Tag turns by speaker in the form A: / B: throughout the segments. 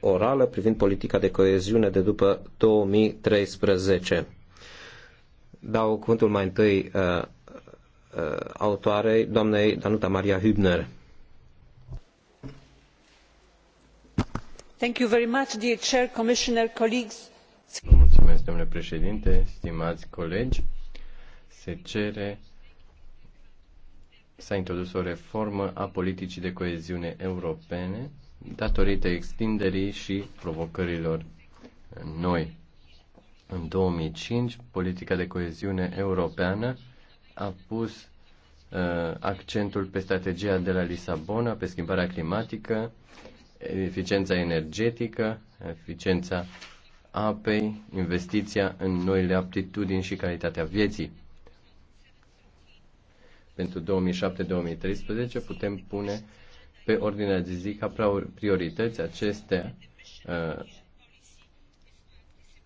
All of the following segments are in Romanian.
A: orală privind politica de coeziune de după 2013. Dau cuvântul mai întâi uh, uh, autoarei, doamnei Danuta Maria Hübner. Thank you very much, dear Chair, Commissioner, colleagues.
B: Mulțumesc, domnule președinte, stimați colegi. Se cere s-a introdus o reformă a politicii de coeziune europene datorită extinderii și provocărilor noi. În 2005, politica de coeziune europeană a pus uh, accentul pe strategia de la Lisabona, pe schimbarea climatică, eficiența energetică, eficiența apei, investiția în noile aptitudini și calitatea vieții. Pentru 2007-2013 putem pune pe ordinea de zi ca priorități aceste uh,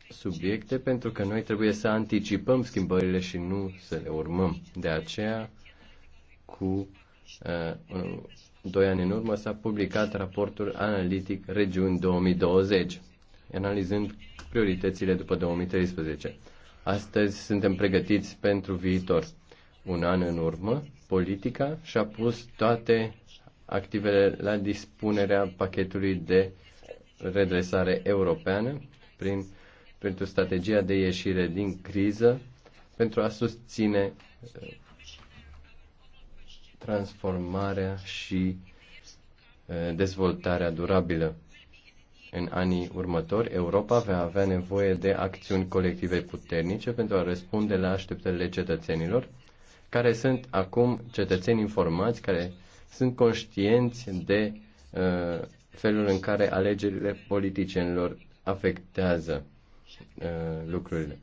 B: subiecte pentru că noi trebuie să anticipăm schimbările și nu să le urmăm. De aceea, cu uh, doi ani în urmă, s-a publicat raportul analitic Regiuni 2020, analizând prioritățile după 2013. Astăzi suntem pregătiți pentru viitor. Un an în urmă, politica și-a pus toate activele la dispunerea pachetului de redresare europeană prin, pentru strategia de ieșire din criză pentru a susține uh, transformarea și uh, dezvoltarea durabilă. În anii următori, Europa va avea nevoie de acțiuni colective puternice pentru a răspunde la așteptările cetățenilor, care sunt acum cetățeni informați, care sunt conștienți de uh, felul în care alegerile politicienilor afectează uh, lucrurile.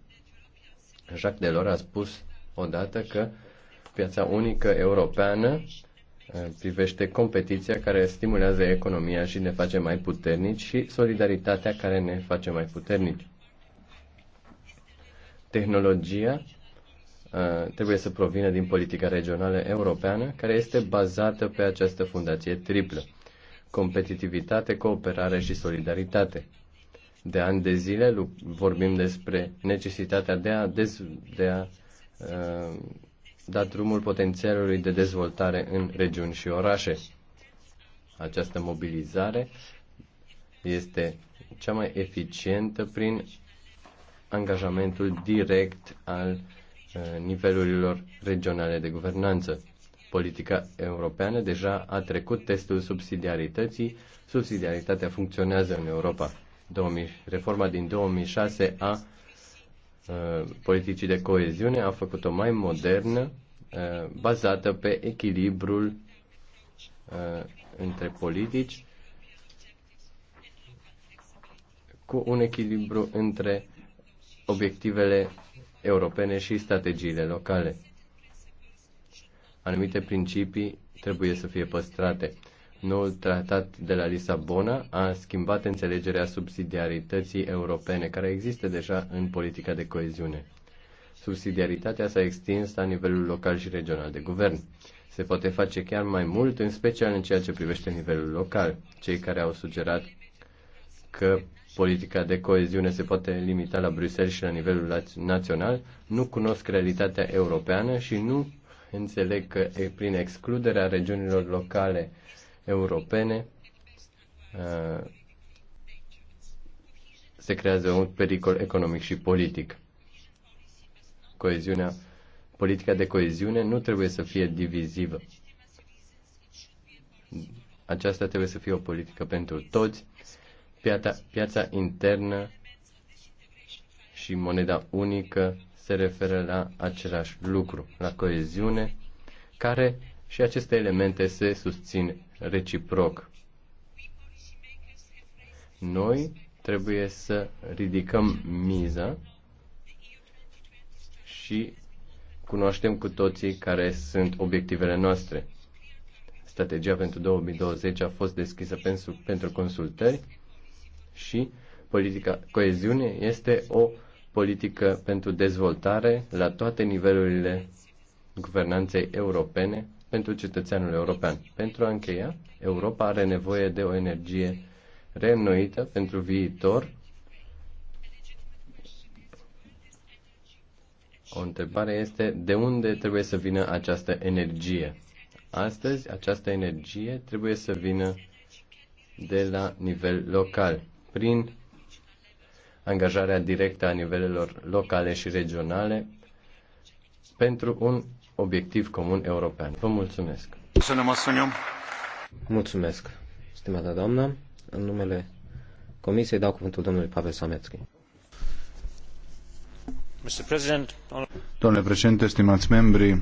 B: Jacques Delors a spus odată că piața unică europeană uh, privește competiția care stimulează economia și ne face mai puternici și solidaritatea care ne face mai puternici. Tehnologia Uh, trebuie să provină din politica regională europeană, care este bazată pe această fundație triplă. Competitivitate, cooperare și solidaritate. De ani de zile vorbim despre necesitatea de a, dez, de a uh, da drumul potențialului de dezvoltare în regiuni și orașe. Această mobilizare este cea mai eficientă prin angajamentul direct al uh, Uh, nivelurilor regionale de guvernanță. Politica europeană deja a trecut testul subsidiarității, subsidiaritatea funcționează în Europa. 2000, reforma din 2006 a uh, politicii de coeziune a făcut-o mai modernă, uh, bazată pe echilibrul între politici, cu un echilibru între obiectivele europene și strategiile locale. Anumite principii trebuie să fie păstrate. Noul tratat de la Lisabona a schimbat înțelegerea subsidiarității europene, care există deja în politica de coeziune. Subsidiaritatea s-a extins la nivelul local și regional de guvern. Se poate face chiar mai mult, în special în ceea ce privește nivelul local. Cei care au sugerat că politica de coeziune se poate limita la Bruxelles și la nivelul național, nu cunosc realitatea europeană și nu înțeleg că prin excluderea regiunilor locale europene uh, se creează un pericol economic și politic. Coeziunea, politica de coeziune nu trebuie să fie divizivă. Aceasta trebuie să fie o politică pentru toți Piața, piața internă și moneda unică se referă la același lucru, la coeziune, care și aceste elemente se susțin reciproc. Noi trebuie să ridicăm miza și cunoaștem cu toții care sunt obiectivele noastre. Strategia pentru 2020 a fost deschisă pentru, pentru consultări și politica coeziune este o politică pentru dezvoltare la toate nivelurile guvernanței europene pentru cetățeanul european. Pentru a încheia, Europa are nevoie de o energie reînnoită pentru viitor. O întrebare este de unde trebuie să vină această energie. Astăzi, această energie trebuie să vină de la nivel local prin angajarea directă a nivelelor locale și regionale pentru un obiectiv comun european. Vă mulțumesc! Mulțumesc, stimată doamnă. În numele
C: Comisiei dau cuvântul domnului Pavel Sametski. Domnule președinte, stimați membri,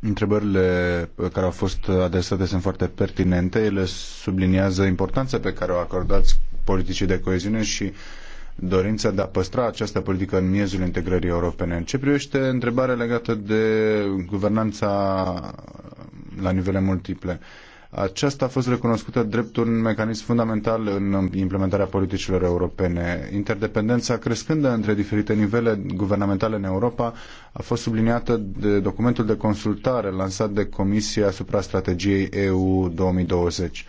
C: Întrebările care au fost adresate sunt foarte pertinente. Ele subliniază importanța pe care o acordați politicii de coeziune și dorința de a păstra această politică în miezul integrării europene. ce privește întrebarea legată de guvernanța la nivele multiple, aceasta a fost recunoscută drept un mecanism fundamental în implementarea politicilor europene. Interdependența crescândă între diferite nivele guvernamentale în Europa a fost subliniată de documentul de consultare lansat de Comisia asupra strategiei EU 2020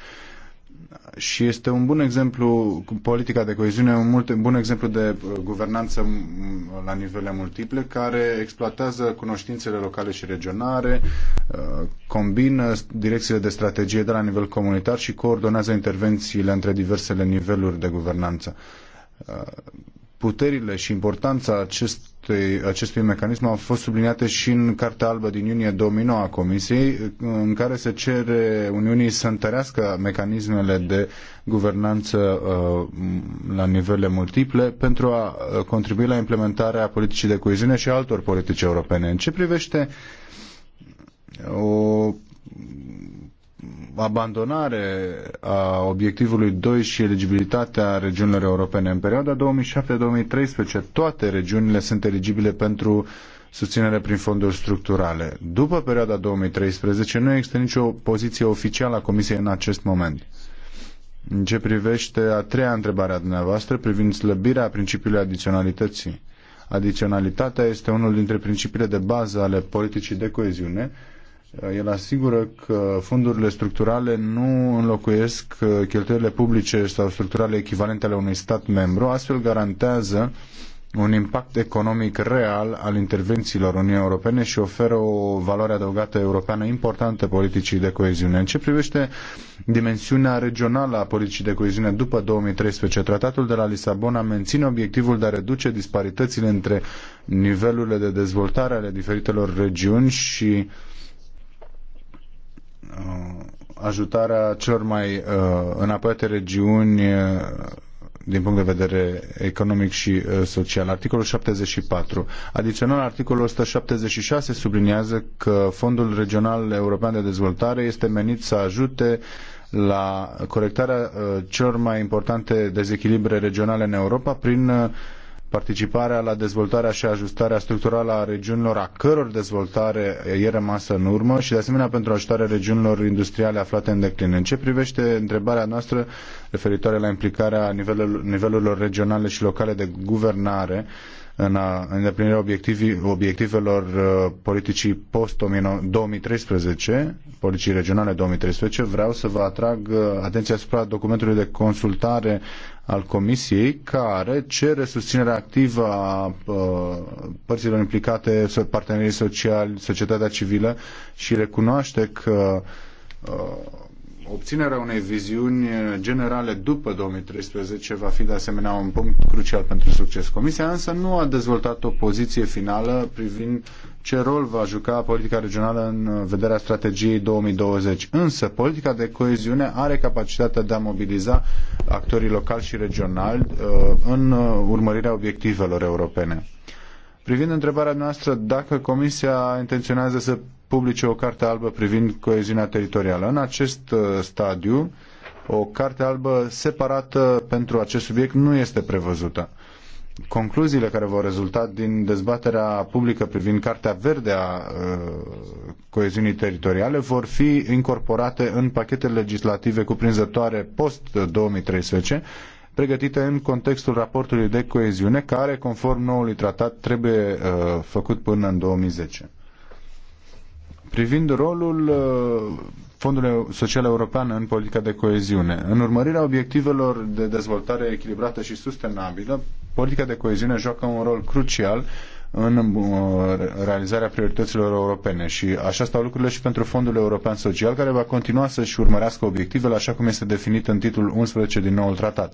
C: și este un bun exemplu, politica de coeziune, un mult, bun exemplu de uh, guvernanță la nivele multiple, care exploatează cunoștințele locale și regionale, uh, combină direcțiile de strategie de la nivel comunitar și coordonează intervențiile între diversele niveluri de guvernanță. Uh, puterile și importanța acest acestui, acestui mecanism au fost subliniate și în Cartea Albă din iunie 2009 a Comisiei, în care se cere Uniunii să întărească mecanismele de guvernanță uh, la nivele multiple pentru a uh, contribui la implementarea politicii de coeziune și altor politici europene. În ce privește o abandonare a obiectivului 2 și eligibilitatea regiunilor europene. În perioada 2007-2013 toate regiunile sunt eligibile pentru susținere prin fonduri structurale. După perioada 2013 nu există nicio poziție oficială a Comisiei în acest moment. În ce privește a treia întrebare a dumneavoastră privind slăbirea principiului adiționalității. Adiționalitatea este unul dintre principiile de bază ale politicii de coeziune el asigură că fondurile structurale nu înlocuiesc uh, cheltuielile publice sau structurale echivalente ale unui stat membru, astfel garantează un impact economic real al intervențiilor Uniunii Europene și oferă o valoare adăugată europeană importantă politicii de coeziune. În ce privește dimensiunea regională a politicii de coeziune după 2013, tratatul de la Lisabona menține obiectivul de a reduce disparitățile între nivelurile de dezvoltare ale diferitelor regiuni și uh, Uh, ajutarea celor mai uh, înapoiate regiuni uh, din punct de vedere economic și social. Articolul 74. Adițional, articolul 176 subliniază că Fondul Regional European de Dezvoltare este menit să ajute la corectarea celor mai importante dezechilibre regionale în Europa prin participarea la dezvoltarea și ajustarea structurală a regiunilor a căror dezvoltare e rămasă în urmă și de asemenea pentru ajutarea regiunilor industriale aflate în declin. În ce privește întrebarea noastră referitoare la implicarea nivelul nivelurilor regionale și locale de guvernare în îndeplinirea obiectivelor uh, politicii post-2013, politicii regionale 2013, vreau să vă atrag uh, atenția asupra documentului de consultare al Comisiei care cere susținerea activă a uh, părților implicate, partenerii sociali, societatea civilă și recunoaște că uh, obținerea unei viziuni generale după 2013 va fi de asemenea un punct crucial pentru succes. Comisia însă nu a dezvoltat o poziție finală privind ce rol va juca politica regională în vederea strategiei 2020. Însă, politica de coeziune are capacitatea de a mobiliza actorii locali și regionali uh, în uh, urmărirea obiectivelor europene. Privind întrebarea noastră dacă Comisia intenționează să publice o carte albă privind coeziunea teritorială, în acest uh, stadiu, o carte albă separată pentru acest subiect nu este prevăzută concluziile care vor rezulta din dezbaterea publică privind Cartea Verde a uh, coeziunii teritoriale vor fi incorporate în pachete legislative cuprinzătoare post-2013, pregătite în contextul raportului de coeziune, care, conform noului tratat, trebuie uh, făcut până în 2010. Privind rolul uh, fondului Social European în politica de coeziune. În urmărirea obiectivelor de dezvoltare echilibrată și sustenabilă, politica de coeziune joacă un rol crucial în uh, realizarea priorităților europene și așa stau lucrurile și pentru Fondul European Social, care va continua să-și urmărească obiectivele așa cum este definit în titlul 11 din noul tratat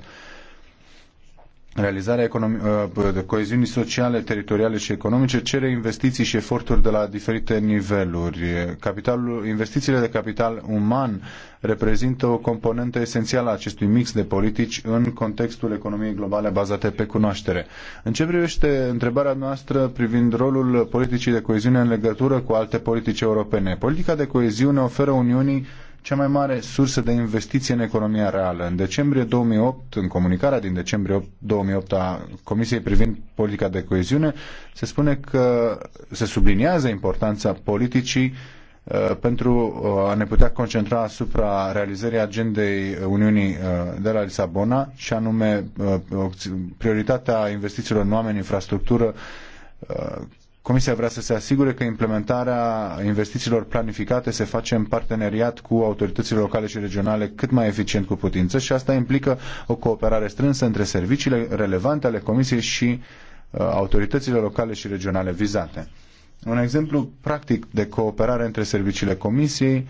C: realizarea uh, coeziunii sociale, teritoriale și economice cere investiții și eforturi de la diferite niveluri. Capitalul, investițiile de capital uman reprezintă o componentă esențială a acestui mix de politici în contextul economiei globale bazate pe cunoaștere. În ce privește întrebarea noastră privind rolul politicii de coeziune în legătură cu alte politici europene? Politica de coeziune oferă Uniunii cea mai mare sursă de investiție în economia reală. În decembrie 2008, în comunicarea din decembrie 2008 a Comisiei privind politica de coeziune, se spune că se subliniază importanța politicii uh, pentru uh, a ne putea concentra asupra realizării agendei Uniunii uh, de la Lisabona și anume prioritatea investițiilor în oameni, infrastructură, Comisia vrea să se asigure că implementarea investițiilor planificate se face în parteneriat cu autoritățile locale și regionale cât mai eficient cu putință și asta implică o cooperare strânsă între serviciile relevante ale Comisiei și uh, autoritățile locale și regionale vizate. Un exemplu practic de cooperare între serviciile Comisiei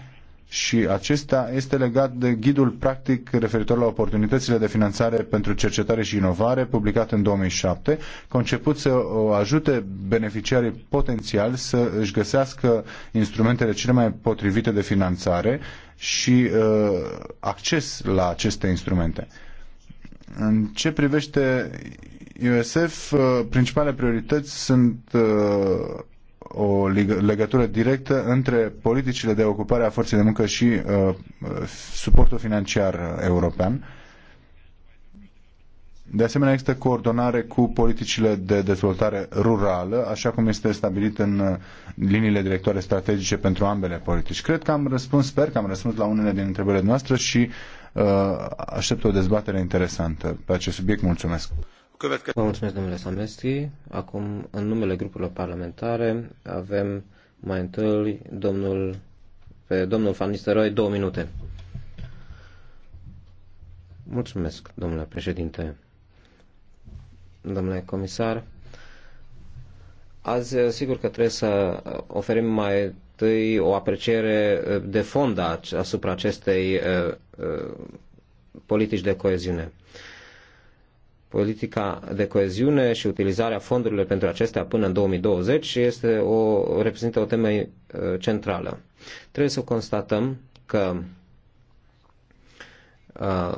C: și acesta este legat de ghidul practic referitor la oportunitățile de finanțare pentru cercetare și inovare, publicat în 2007, conceput să o ajute beneficiarii potențiali să își găsească instrumentele cele mai potrivite de finanțare și uh, acces la aceste instrumente. În ce privește USF, uh, principalele priorități sunt uh, o legătură directă între politicile de ocupare a forței de muncă și uh, suportul financiar european. De asemenea, există coordonare cu politicile de dezvoltare rurală, așa cum este stabilit în uh, liniile directoare strategice pentru ambele politici. Cred că am răspuns, sper că am răspuns la unele din întrebările noastre și uh, aștept o dezbatere interesantă pe acest subiect. Mulțumesc!
A: Vă mulțumesc, domnule
C: Samestri. Acum, în numele
A: grupurilor parlamentare, avem mai întâi domnul, pe domnul Van Nistelrooy, două minute. Mulțumesc, domnule președinte. Domnule comisar, azi sigur că trebuie să oferim mai întâi o apreciere de fond asupra acestei uh, uh, politici de coeziune. Uh, politica de coeziune și utilizarea fondurilor pentru acestea până în 2020 este o, reprezintă o temă uh, centrală. Trebuie să constatăm că uh,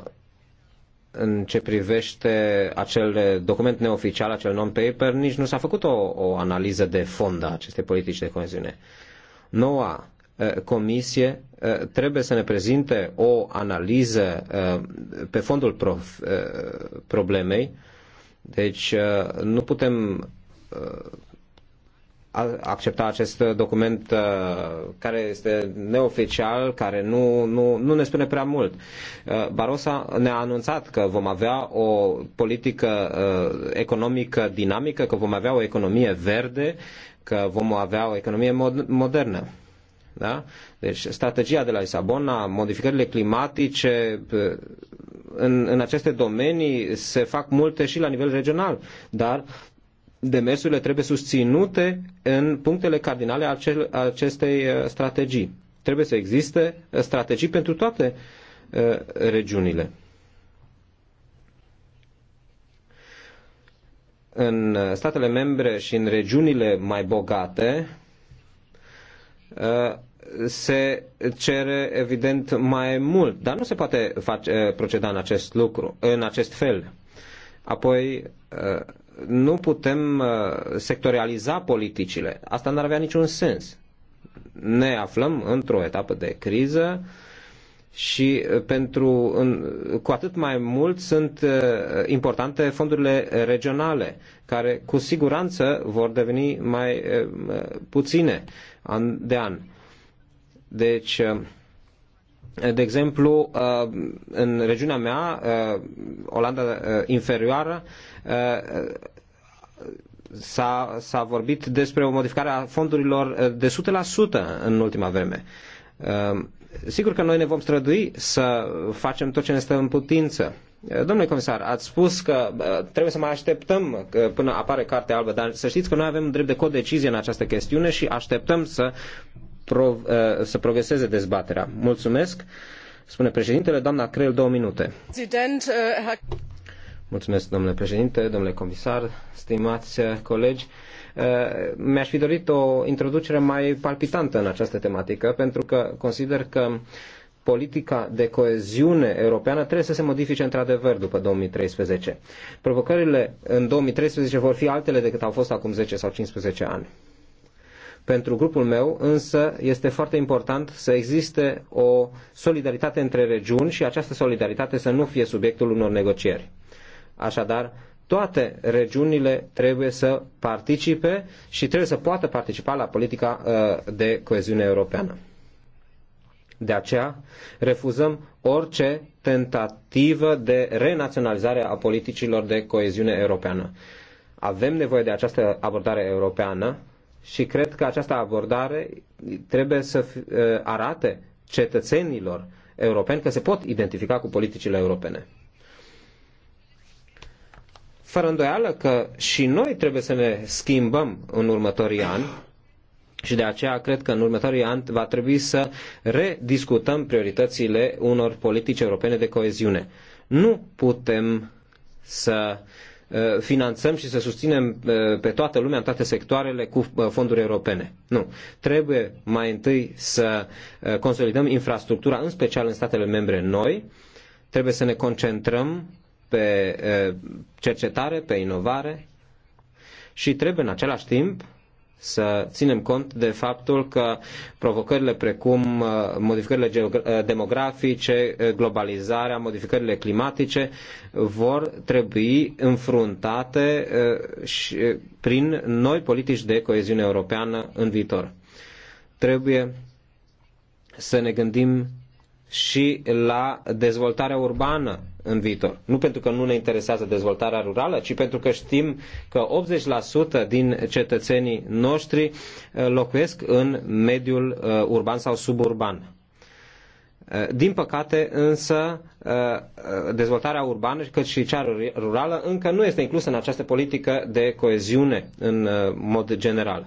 A: în ce privește acel document neoficial, acel non-paper, nici nu s-a făcut o, o analiză de fond a acestei politici de coeziune. Noua Eh, comisie eh, trebuie să ne prezinte o analiză eh, pe fondul problemei. Deci nu putem accepta acest document care este neoficial, care nu, nu, nu ne spune prea mult. Barosa ne-a anunțat că vom avea o politică economică dinamică, că vom avea o economie verde, că vom avea o economie modernă. Da? Deci strategia de la Lisabona, modificările climatice, în, în aceste domenii se fac multe și la nivel regional, dar demersurile trebuie susținute în punctele cardinale acel, acestei uh, strategii. Trebuie să existe uh, strategii pentru toate uh, regiunile. În statele membre și în regiunile mai bogate, Uh, se cere evident mai mult, dar nu se poate face, uh, proceda în acest lucru, în acest fel. Apoi uh, nu putem sectorializa politicile. Asta n-ar avea niciun sens. Ne aflăm într-o etapă de criză și uh, pentru, în, cu atât mai mult sunt uh, importante fondurile regionale, care cu siguranță vor deveni mai uh, puține an de an. Deci, uh, de exemplu, uh, în regiunea mea, uh, Olanda inferioară, s-a, s-a vorbit despre o modificare a fondurilor de 100% în ultima vreme Sigur că noi ne vom strădui să facem tot ce ne stă în putință. Domnule comisar, ați spus că uh, trebuie să mai așteptăm până apare cartea albă, dar să știți că noi avem drept de codecizie în această chestiune și așteptăm să, pro, uh, să progreseze dezbaterea. Mulțumesc, spune președintele, doamna Creel, două minute. Uh, Mulțumesc, domnule președinte, domnule comisar, stimați colegi. Eh, mi-aș fi dorit o introducere mai palpitantă în această tematică, pentru că consider că politica de coeziune europeană trebuie să se modifice într-adevăr după 2013. Provocările în 2013 vor fi altele decât au fost acum 10 sau 15 ani. Pentru grupul meu, însă, este foarte important să existe o solidaritate între regiuni și această solidaritate să nu fie subiectul unor negocieri. Așadar, toate regiunile trebuie să participe și trebuie să poată participa la politica uh, de coeziune europeană. De aceea refuzăm orice tentativă de renaționalizare a politicilor de coeziune europeană. Avem nevoie de această abordare europeană și cred că această abordare trebuie să uh, arate cetățenilor europeni că se pot identifica cu politicile europene fără îndoială că și noi trebuie să ne schimbăm în următorii ani și de aceea cred că în următorii ani va trebui să rediscutăm prioritățile unor politici europene de coeziune. Nu putem să uh, finanțăm și să susținem uh, pe toată lumea, în toate sectoarele, cu uh, fonduri europene. Nu. Trebuie mai întâi să consolidăm infrastructura, în special în statele membre noi. Trebuie să ne concentrăm pe cercetare, pe inovare și trebuie în același timp să ținem cont de faptul că provocările precum modificările demografice, globalizarea, modificările climatice vor trebui înfruntate și prin noi politici de coeziune europeană în viitor. Trebuie să ne gândim și la dezvoltarea urbană în viitor. Nu pentru că nu ne interesează dezvoltarea rurală, ci pentru că știm că 80% din cetățenii noștri eh, locuiesc în mediul eh, urban sau suburban. Eh, din păcate, însă, dezvoltarea urbană, cât și cea rurală, încă nu este inclusă în această politică de coeziune în mod general.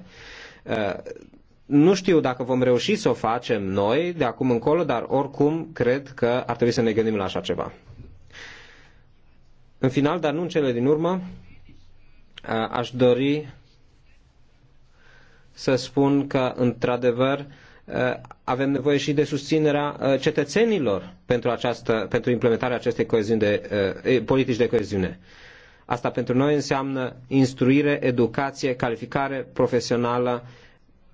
A: Nu știu dacă vom reuși să o facem noi de acum încolo, dar oricum cred că ar trebui să ne gândim la așa ceva. În final, dar nu în cele din urmă, aș dori să spun că, într-adevăr, avem nevoie și de susținerea cetățenilor pentru, această, pentru implementarea acestei coeziuni de, politici de coeziune. Asta pentru noi înseamnă instruire, educație, calificare profesională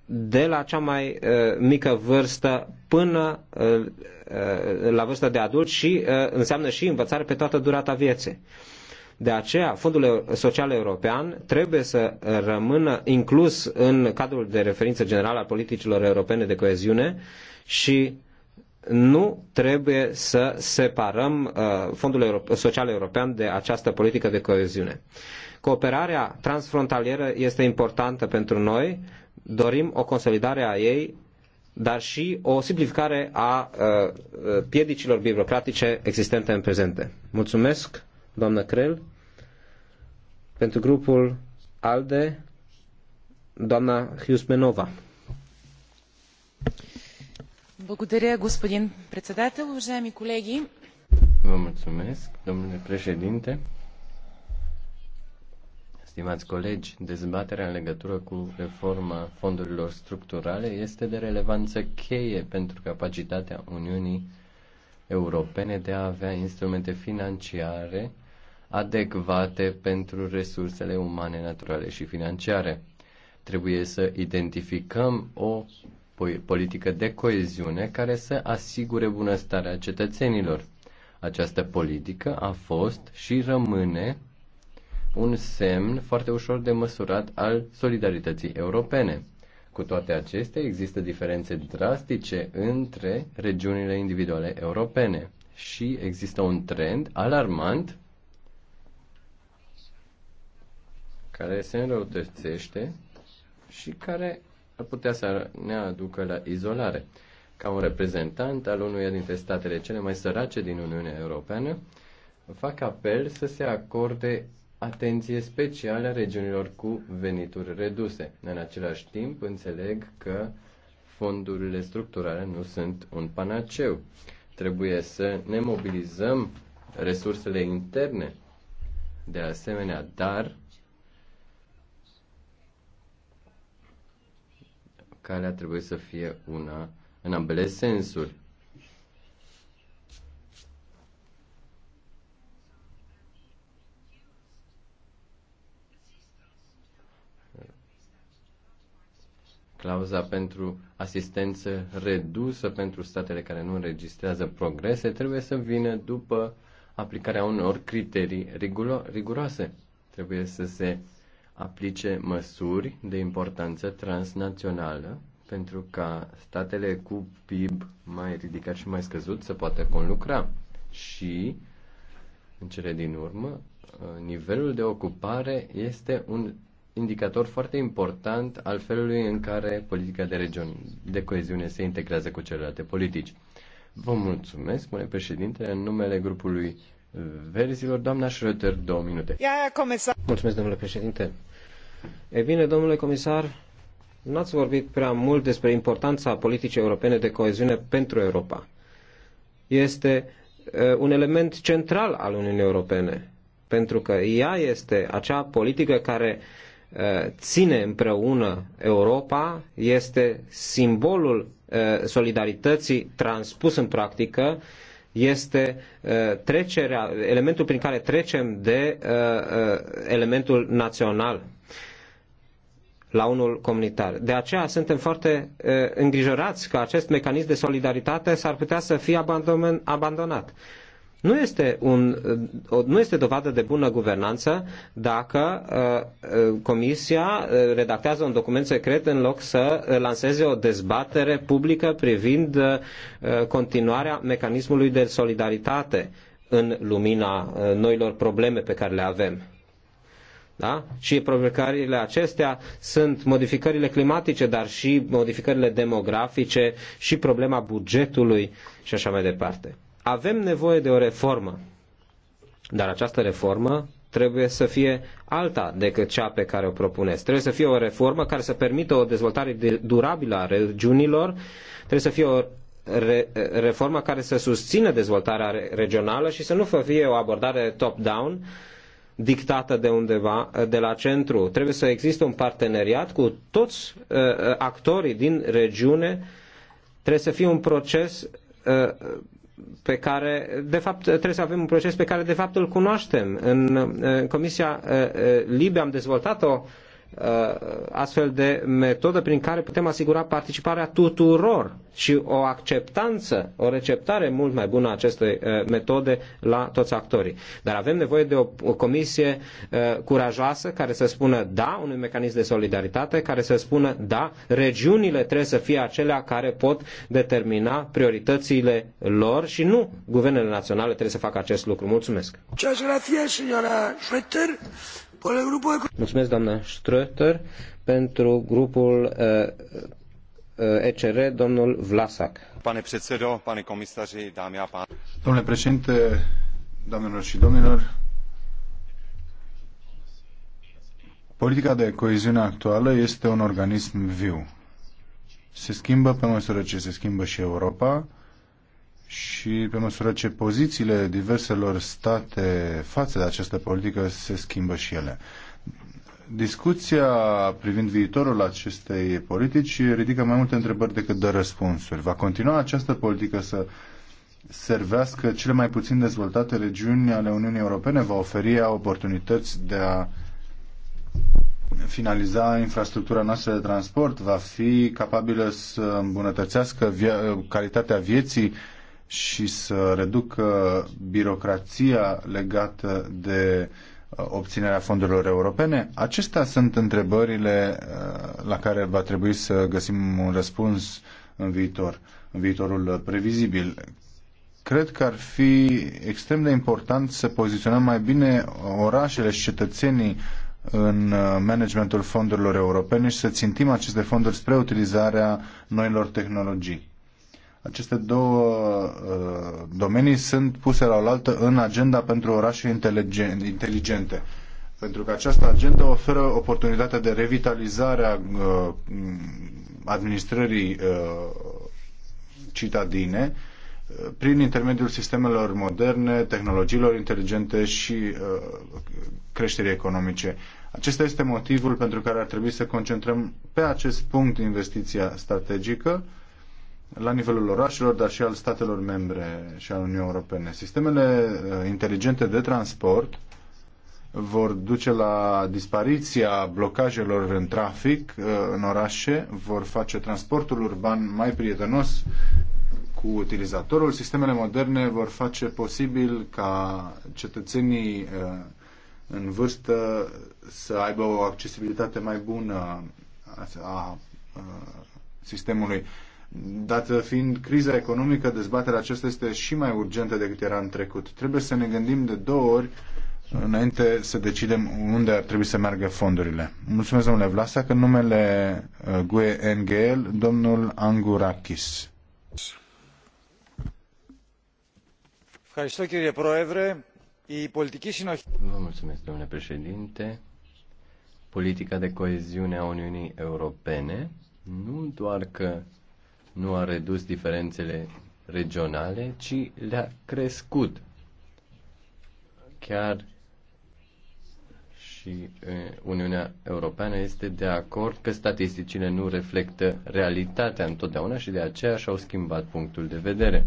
A: de la cea mai uh, mică vârstă până uh, uh, la vârsta de adult și uh, înseamnă și învățare pe toată durata vieții. De aceea, Fondul Social European trebuie să rămână inclus în cadrul de referință generală al politicilor europene de coeziune și nu trebuie să separăm uh, Fondul Euro- Social European de această politică de coeziune. Cooperarea transfrontalieră este importantă pentru noi dorim o consolidare a ei, dar și o simplificare a uh, piedicilor birocratice existente în prezente. Mulțumesc, doamnă Crel, pentru grupul ALDE, doamna Hiusmenova.
D: Благодаря, господин председател. Уважаеми колеги,
B: Vă mulțumesc, domnule președinte, Stimați colegi, dezbaterea în legătură cu reforma fondurilor structurale este de relevanță cheie pentru capacitatea Uniunii Europene de a avea instrumente financiare adecvate pentru resursele umane, naturale și financiare. Trebuie să identificăm o politică de coeziune care să asigure bunăstarea cetățenilor. Această politică a fost și rămâne un semn foarte ușor de măsurat al solidarității europene. Cu toate acestea, există diferențe drastice între regiunile individuale europene și există un trend alarmant care se înrăutățește și care ar putea să ne aducă la izolare. Ca un reprezentant al unuia dintre statele cele mai sărace din Uniunea Europeană, fac apel să se acorde atenție specială regiunilor cu venituri reduse. În același timp, înțeleg că fondurile structurale nu sunt un panaceu. Trebuie să ne mobilizăm resursele interne. De asemenea, dar calea trebuie să fie una în ambele sensuri. clauza pentru asistență redusă pentru statele care nu înregistrează progrese trebuie să vină după aplicarea unor criterii rigulo- riguroase. Trebuie să se aplice măsuri de importanță transnațională pentru ca statele cu PIB mai ridicat și mai scăzut să poată conlucra. Și, în cele din urmă, nivelul de ocupare este un indicator foarte important al felului în care politica de regiuni de coeziune se integrează cu celelalte politici. Vă mulțumesc, spune președinte, în numele grupului Verzilor, doamna Schröter, două minute. Ia, ia, comisar. Mulțumesc, domnule președinte. E bine, domnule comisar,
A: n-ați vorbit prea mult despre importanța politicii europene de coeziune pentru Europa. Este un element central al Uniunii Europene, pentru că ea este acea politică care uh, Eh, ține împreună Europa este simbolul eh, solidarității transpus în practică, este eh, trecerea, elementul prin care trecem de elementul național la unul comunitar. De aceea suntem foarte îngrijorați că acest mecanism de solidaritate s-ar putea să fie abandonat nu este, un, nu este dovadă de bună guvernanță dacă uh, uh, Comisia uh, redactează un document secret în loc să lanseze o dezbatere publică privind continuarea mecanismului de solidaritate în lumina noilor probleme pe care le avem. Da? Și provocările acestea sunt modificările climatice, dar și modificările demografice și problema bugetului și așa mai departe. Avem nevoie de o reformă, dar această reformă trebuie să fie alta decât cea pe care o propuneți. Trebuie să fie o reformă care să permită o dezvoltare durabilă a regiunilor, trebuie să fie o re- reformă care să susțină dezvoltarea regională și să nu fie o abordare top-down dictată de undeva, de la centru. Trebuie să existe un parteneriat cu toți uh, actorii din regiune. Trebuie să fie un proces uh, pe care, de fapt, trebuie să avem un proces pe care, de fapt, îl cunoaștem. În Comisia eh, eh, Libe am dezvoltat o Uh, astfel de metodă prin care putem asigura participarea tuturor și o acceptanță, o receptare mult mai bună a acestei uh, metode la toți actorii. Dar avem nevoie de o, comisie uh, curajoasă care să spună da unui mecanism de solidaritate, care să spună da, regiunile trebuie să fie acelea care pot determina prioritățile lor și nu guvernele naționale trebuie să facă acest lucru. Mulțumesc! Muchas gracias, Păi, Mulțumesc, doamna Ströter. Pentru grupul uh, uh, ECR, domnul Vlasac.
C: Pane președinte, pane comisari, dame a pan. Domnule președinte, doamnelor și domnilor, politica de coeziune actuală este un organism viu. Se schimbă pe măsură ce se schimbă și Europa, și pe măsură ce pozițiile diverselor state față de această politică se schimbă și ele. Discuția privind viitorul acestei politici ridică mai multe întrebări decât dă răspunsuri. Va continua această politică să servească cele mai puțin dezvoltate regiuni ale Uniunii Europene? Va oferi oportunități de a finaliza infrastructura noastră de transport? Va fi capabilă să îmbunătățească via- calitatea vieții și să reducă birocrația legată de uh, obținerea fondurilor europene? Acestea sunt întrebările uh, la care va trebui să găsim un răspuns în viitor, în viitorul previzibil. Cred că ar fi extrem de important să poziționăm mai bine orașele și cetățenii în uh, managementul fondurilor europene și să țintim aceste fonduri spre utilizarea noilor tehnologii. Aceste două uh, domenii sunt puse la oaltă în agenda pentru orașe inteligente. Pentru că această agenda oferă oportunitatea de revitalizare a uh, administrării uh, citadine uh, prin intermediul sistemelor moderne, tehnologiilor inteligente și uh, creșterii economice. Acesta este motivul pentru care ar trebui să concentrăm pe acest punct investiția strategică la nivelul orașelor, dar și al statelor membre și al Uniunii Europene. Sistemele uh, inteligente de transport vor duce la dispariția blocajelor în trafic uh, în orașe, vor face transportul urban mai prietenos cu utilizatorul. Sistemele moderne vor face posibil ca cetățenii uh, în vârstă să aibă o accesibilitate mai bună a sistemului. Dată fiind criza economică, dezbaterea aceasta este și mai urgentă decât era în trecut. Trebuie să ne gândim de două ori înainte să decidem unde ar trebui să meargă fondurile. Mulțumesc, domnule Vlasa, că numele uh, GUE NGL, domnul Angurakis. Vă
B: mulțumesc, domnule președinte. Politica de coeziune a Uniunii Europene nu doar că nu a redus diferențele regionale, ci le-a crescut. Chiar și Uniunea Europeană este de acord că statisticile nu reflectă realitatea întotdeauna și de aceea și-au schimbat punctul de vedere.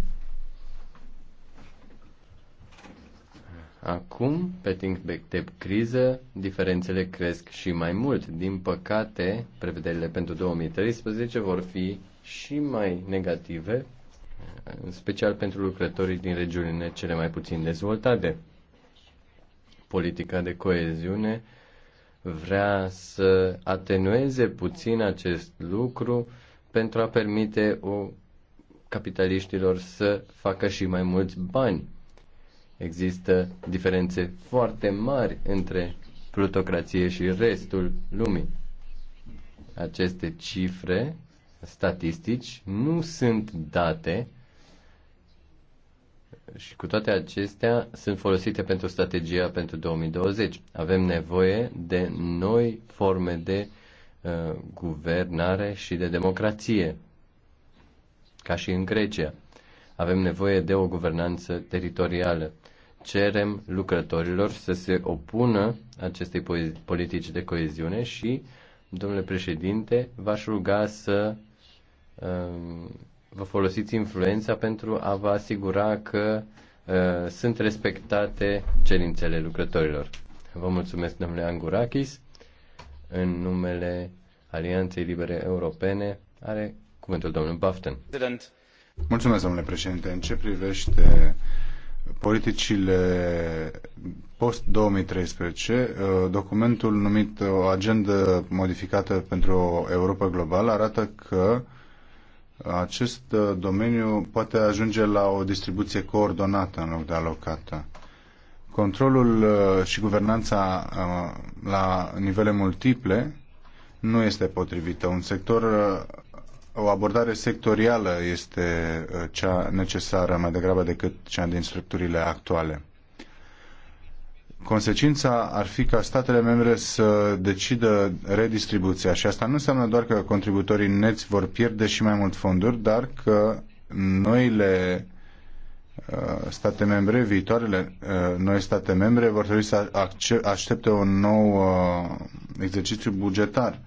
B: Acum, pe timp de criză, diferențele cresc și mai mult. Din păcate, prevederile pentru 2013 vor fi și mai negative, în special pentru lucrătorii din regiunile cele mai puțin dezvoltate. Politica de coeziune vrea să atenueze puțin acest lucru pentru a permite o capitaliștilor să facă și mai mulți bani. Există diferențe foarte mari între plutocrație și restul lumii. Aceste cifre statistici nu sunt date și cu toate acestea sunt folosite pentru strategia pentru 2020. Avem nevoie de noi forme de uh, guvernare și de democrație, ca și în Grecia. Avem nevoie de o guvernanță teritorială. Cerem lucrătorilor să se opună acestei politici de coeziune și, domnule președinte, v-aș ruga să Ehm, vă folosiți influența pentru a vă asigura că ehm, sunt respectate cerințele lucrătorilor. Vă mulțumesc, domnule Angurakis. În numele Alianței
C: Libere Europene are cuvântul domnul Bafton. Mulțumesc, domnule președinte. În ce privește politicile post-2013, ehm, documentul numit o agendă modificată pentru o Europa globală arată că acest uh, domeniu poate ajunge la o distribuție coordonată în loc de alocată. Controlul uh, și guvernanța uh, la nivele multiple nu este potrivită. Un sector, o abordare sectorială este cea necesară mai degrabă decât cea din structurile actuale. Consecința ar fi ca statele membre să decidă redistribuția și asta nu înseamnă doar că contributorii neți vor pierde și mai mult fonduri, dar că noile uh, state membre, viitoarele uh, noi state membre vor trebui să aștepte un nou uh, exercițiu bugetar.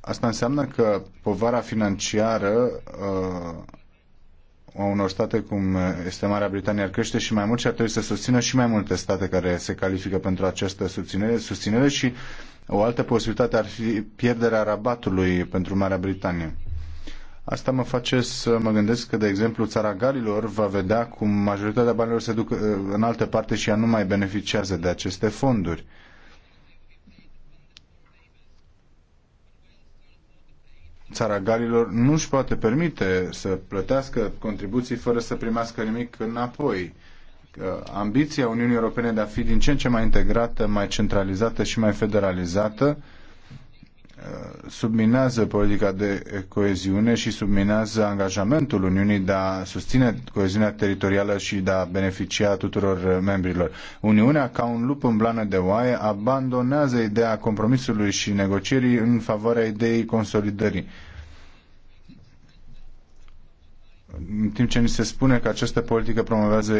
C: Asta înseamnă că povara financiară a unor state cum uh, este Marea Britanie ar crește și mai mult și ar trebui să susțină și mai multe state care se califică pentru această susținere, susținere și o altă posibilitate ar fi pierderea rabatului pentru Marea Britanie. Asta mă face să mă gândesc că, de exemplu, țara Galilor va vedea cum majoritatea banilor se duc uh, în altă parte și ea nu mai beneficiază de aceste fonduri. țara Galilor nu își poate permite să plătească contribuții fără să primească nimic înapoi. Ambiția Uniunii Europene de a fi din ce în ce mai integrată, mai centralizată și mai federalizată subminează politica de coeziune și subminează angajamentul Uniunii de a susține coeziunea teritorială și de a beneficia tuturor membrilor. Uniunea, ca un lup în blană de oaie, abandonează ideea compromisului și negocierii în favoarea ideii consolidării. În timp ce ni se spune că această politică promovează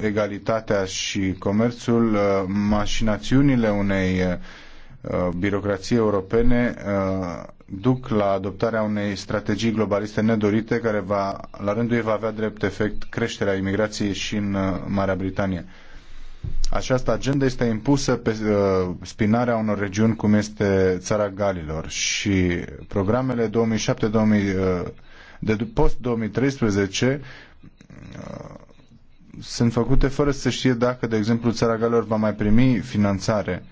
C: egalitatea și comerțul, uh, mașinațiunile unei uh, Uh, birocrației europene uh, duc la adoptarea unei strategii globaliste nedorite care va, la rândul ei va avea drept efect creșterea imigrației și în uh, Marea Britanie. Această agendă este impusă pe spinarea unor regiuni cum este țara Galilor și programele 2007-2000 de post-2013 sunt făcute fără să știe dacă, de exemplu, țara Galilor va mai primi finanțare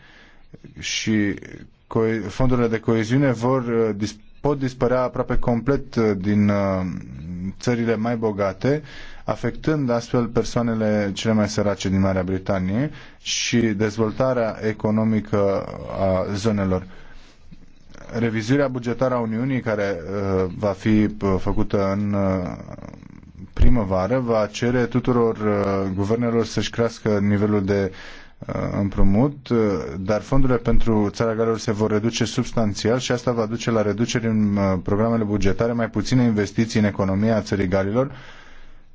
C: și fondurile de coeziune vor, uh, pot dispărea aproape complet uh, din uh, țările mai bogate, afectând astfel persoanele cele mai sărace din Marea Britanie și dezvoltarea economică a zonelor. Revizuirea bugetară a Uniunii, care va fi făcută în primăvară, va cere tuturor guvernelor să-și crească nivelul de Uh, împrumut, uh, dar fondurile pentru țara Galilor se vor reduce substanțial și asta va duce la reduceri în uh, programele bugetare, mai puține investiții în economia țării Galilor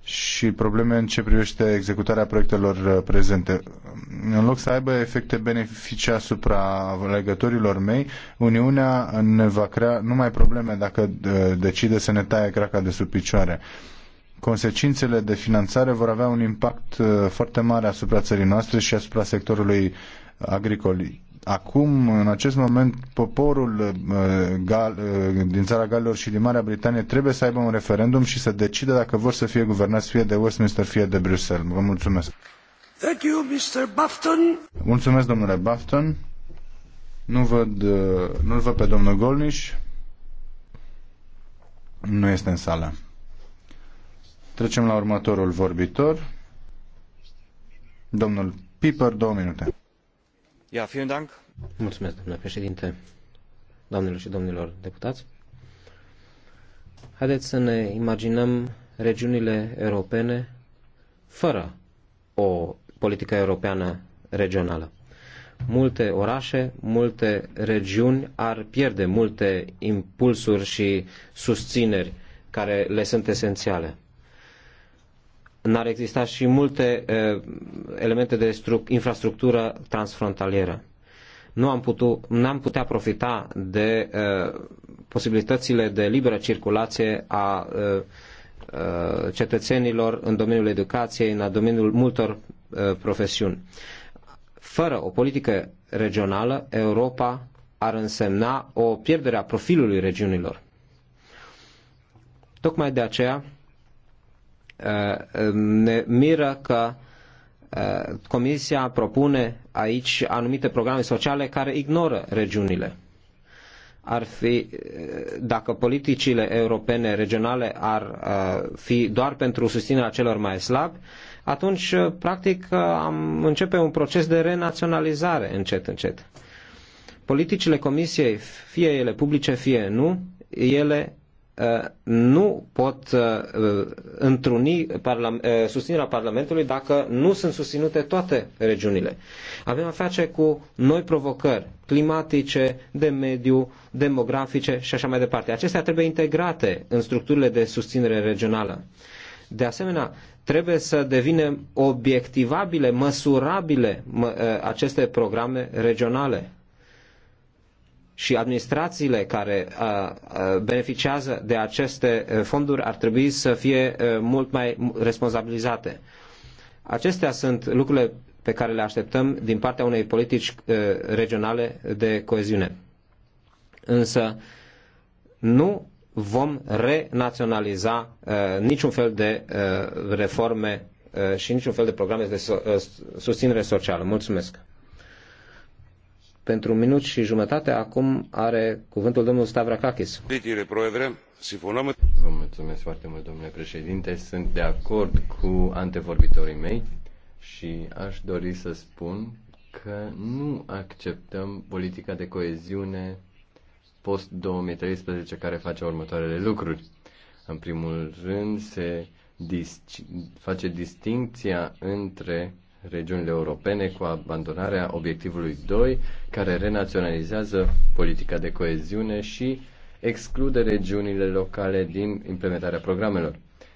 C: și probleme în ce privește executarea proiectelor prezente. În loc să aibă efecte benefice asupra legătorilor mei, Uniunea ne va crea numai probleme dacă decide să ne taie craca de sub picioare consecințele de finanțare vor avea un impact uh, foarte mare asupra țării noastre și asupra sectorului agricol. Acum, în acest moment, poporul uh, gal, uh, din țara Galilor și din Marea Britanie trebuie să aibă un referendum și să decide dacă vor să fie guvernați fie de Westminster, fie de Bruxelles. Vă mulțumesc.
E: Thank you, Mr. Bafton.
C: Mulțumesc, domnule Bafton. Nu văd, nu-l văd pe domnul Golniș. Nu este în sală. Trecem la următorul vorbitor. Domnul Piper, două minute.
A: Ja, vielen Dank.
C: Mulțumesc, domnule președinte, doamnelor și
A: domnilor deputați. Haideți să ne imaginăm regiunile europene fără o politică europeană regională. Multe orașe, multe regiuni ar pierde multe impulsuri și susțineri care le sunt esențiale n-ar exista și multe elemente de infrastructură transfrontalieră. Nu am, putu, n-am putea profita de posibilitățile de liberă circulație a cetățenilor în domeniul educației, în domeniul multor profesiuni. Fără o politică regională, Europa ar însemna o pierdere a profilului regiunilor. Tocmai de aceea ne miră că uh, Comisia propune aici anumite programe sociale care ignoră regiunile. Ar fi, uh, dacă politicile europene regionale ar uh, fi doar pentru susținerea celor mai slabi, atunci, practic, am începe un proces de renaționalizare încet, încet. Politicile Comisiei, fie ele publice, fie nu, ele nu pot uh, întruni uh, susținerea Parlamentului dacă nu sunt susținute toate regiunile. Avem a face cu noi provocări climatice, de mediu, demografice și așa mai departe. Acestea trebuie integrate în structurile de susținere regională. De asemenea, trebuie să devină obiectivabile, măsurabile uh, aceste programe regionale și administrațiile care uh, uh, beneficiază de aceste uh, fonduri ar trebui să fie mult mai responsabilizate. Acestea sunt lucrurile pe care le așteptăm din partea unei politici regionale de coeziune. Însă nu vom renaționaliza niciun fel de reforme și niciun fel de programe de susținere socială. Mulțumesc! Pentru un minut și jumătate, acum are cuvântul domnul Stavrakakis.
B: Vă mulțumesc foarte mult, domnule președinte. Sunt de acord cu antevorbitorii mei și aș dori să spun că nu acceptăm politica de coeziune post-2013 care face următoarele lucruri. În primul rând, se dis- face distinția între regiunile europene cu abandonarea obiectivului 2, care renaționalizează politica de coeziune și exclude regiunile locale din implementarea programelor.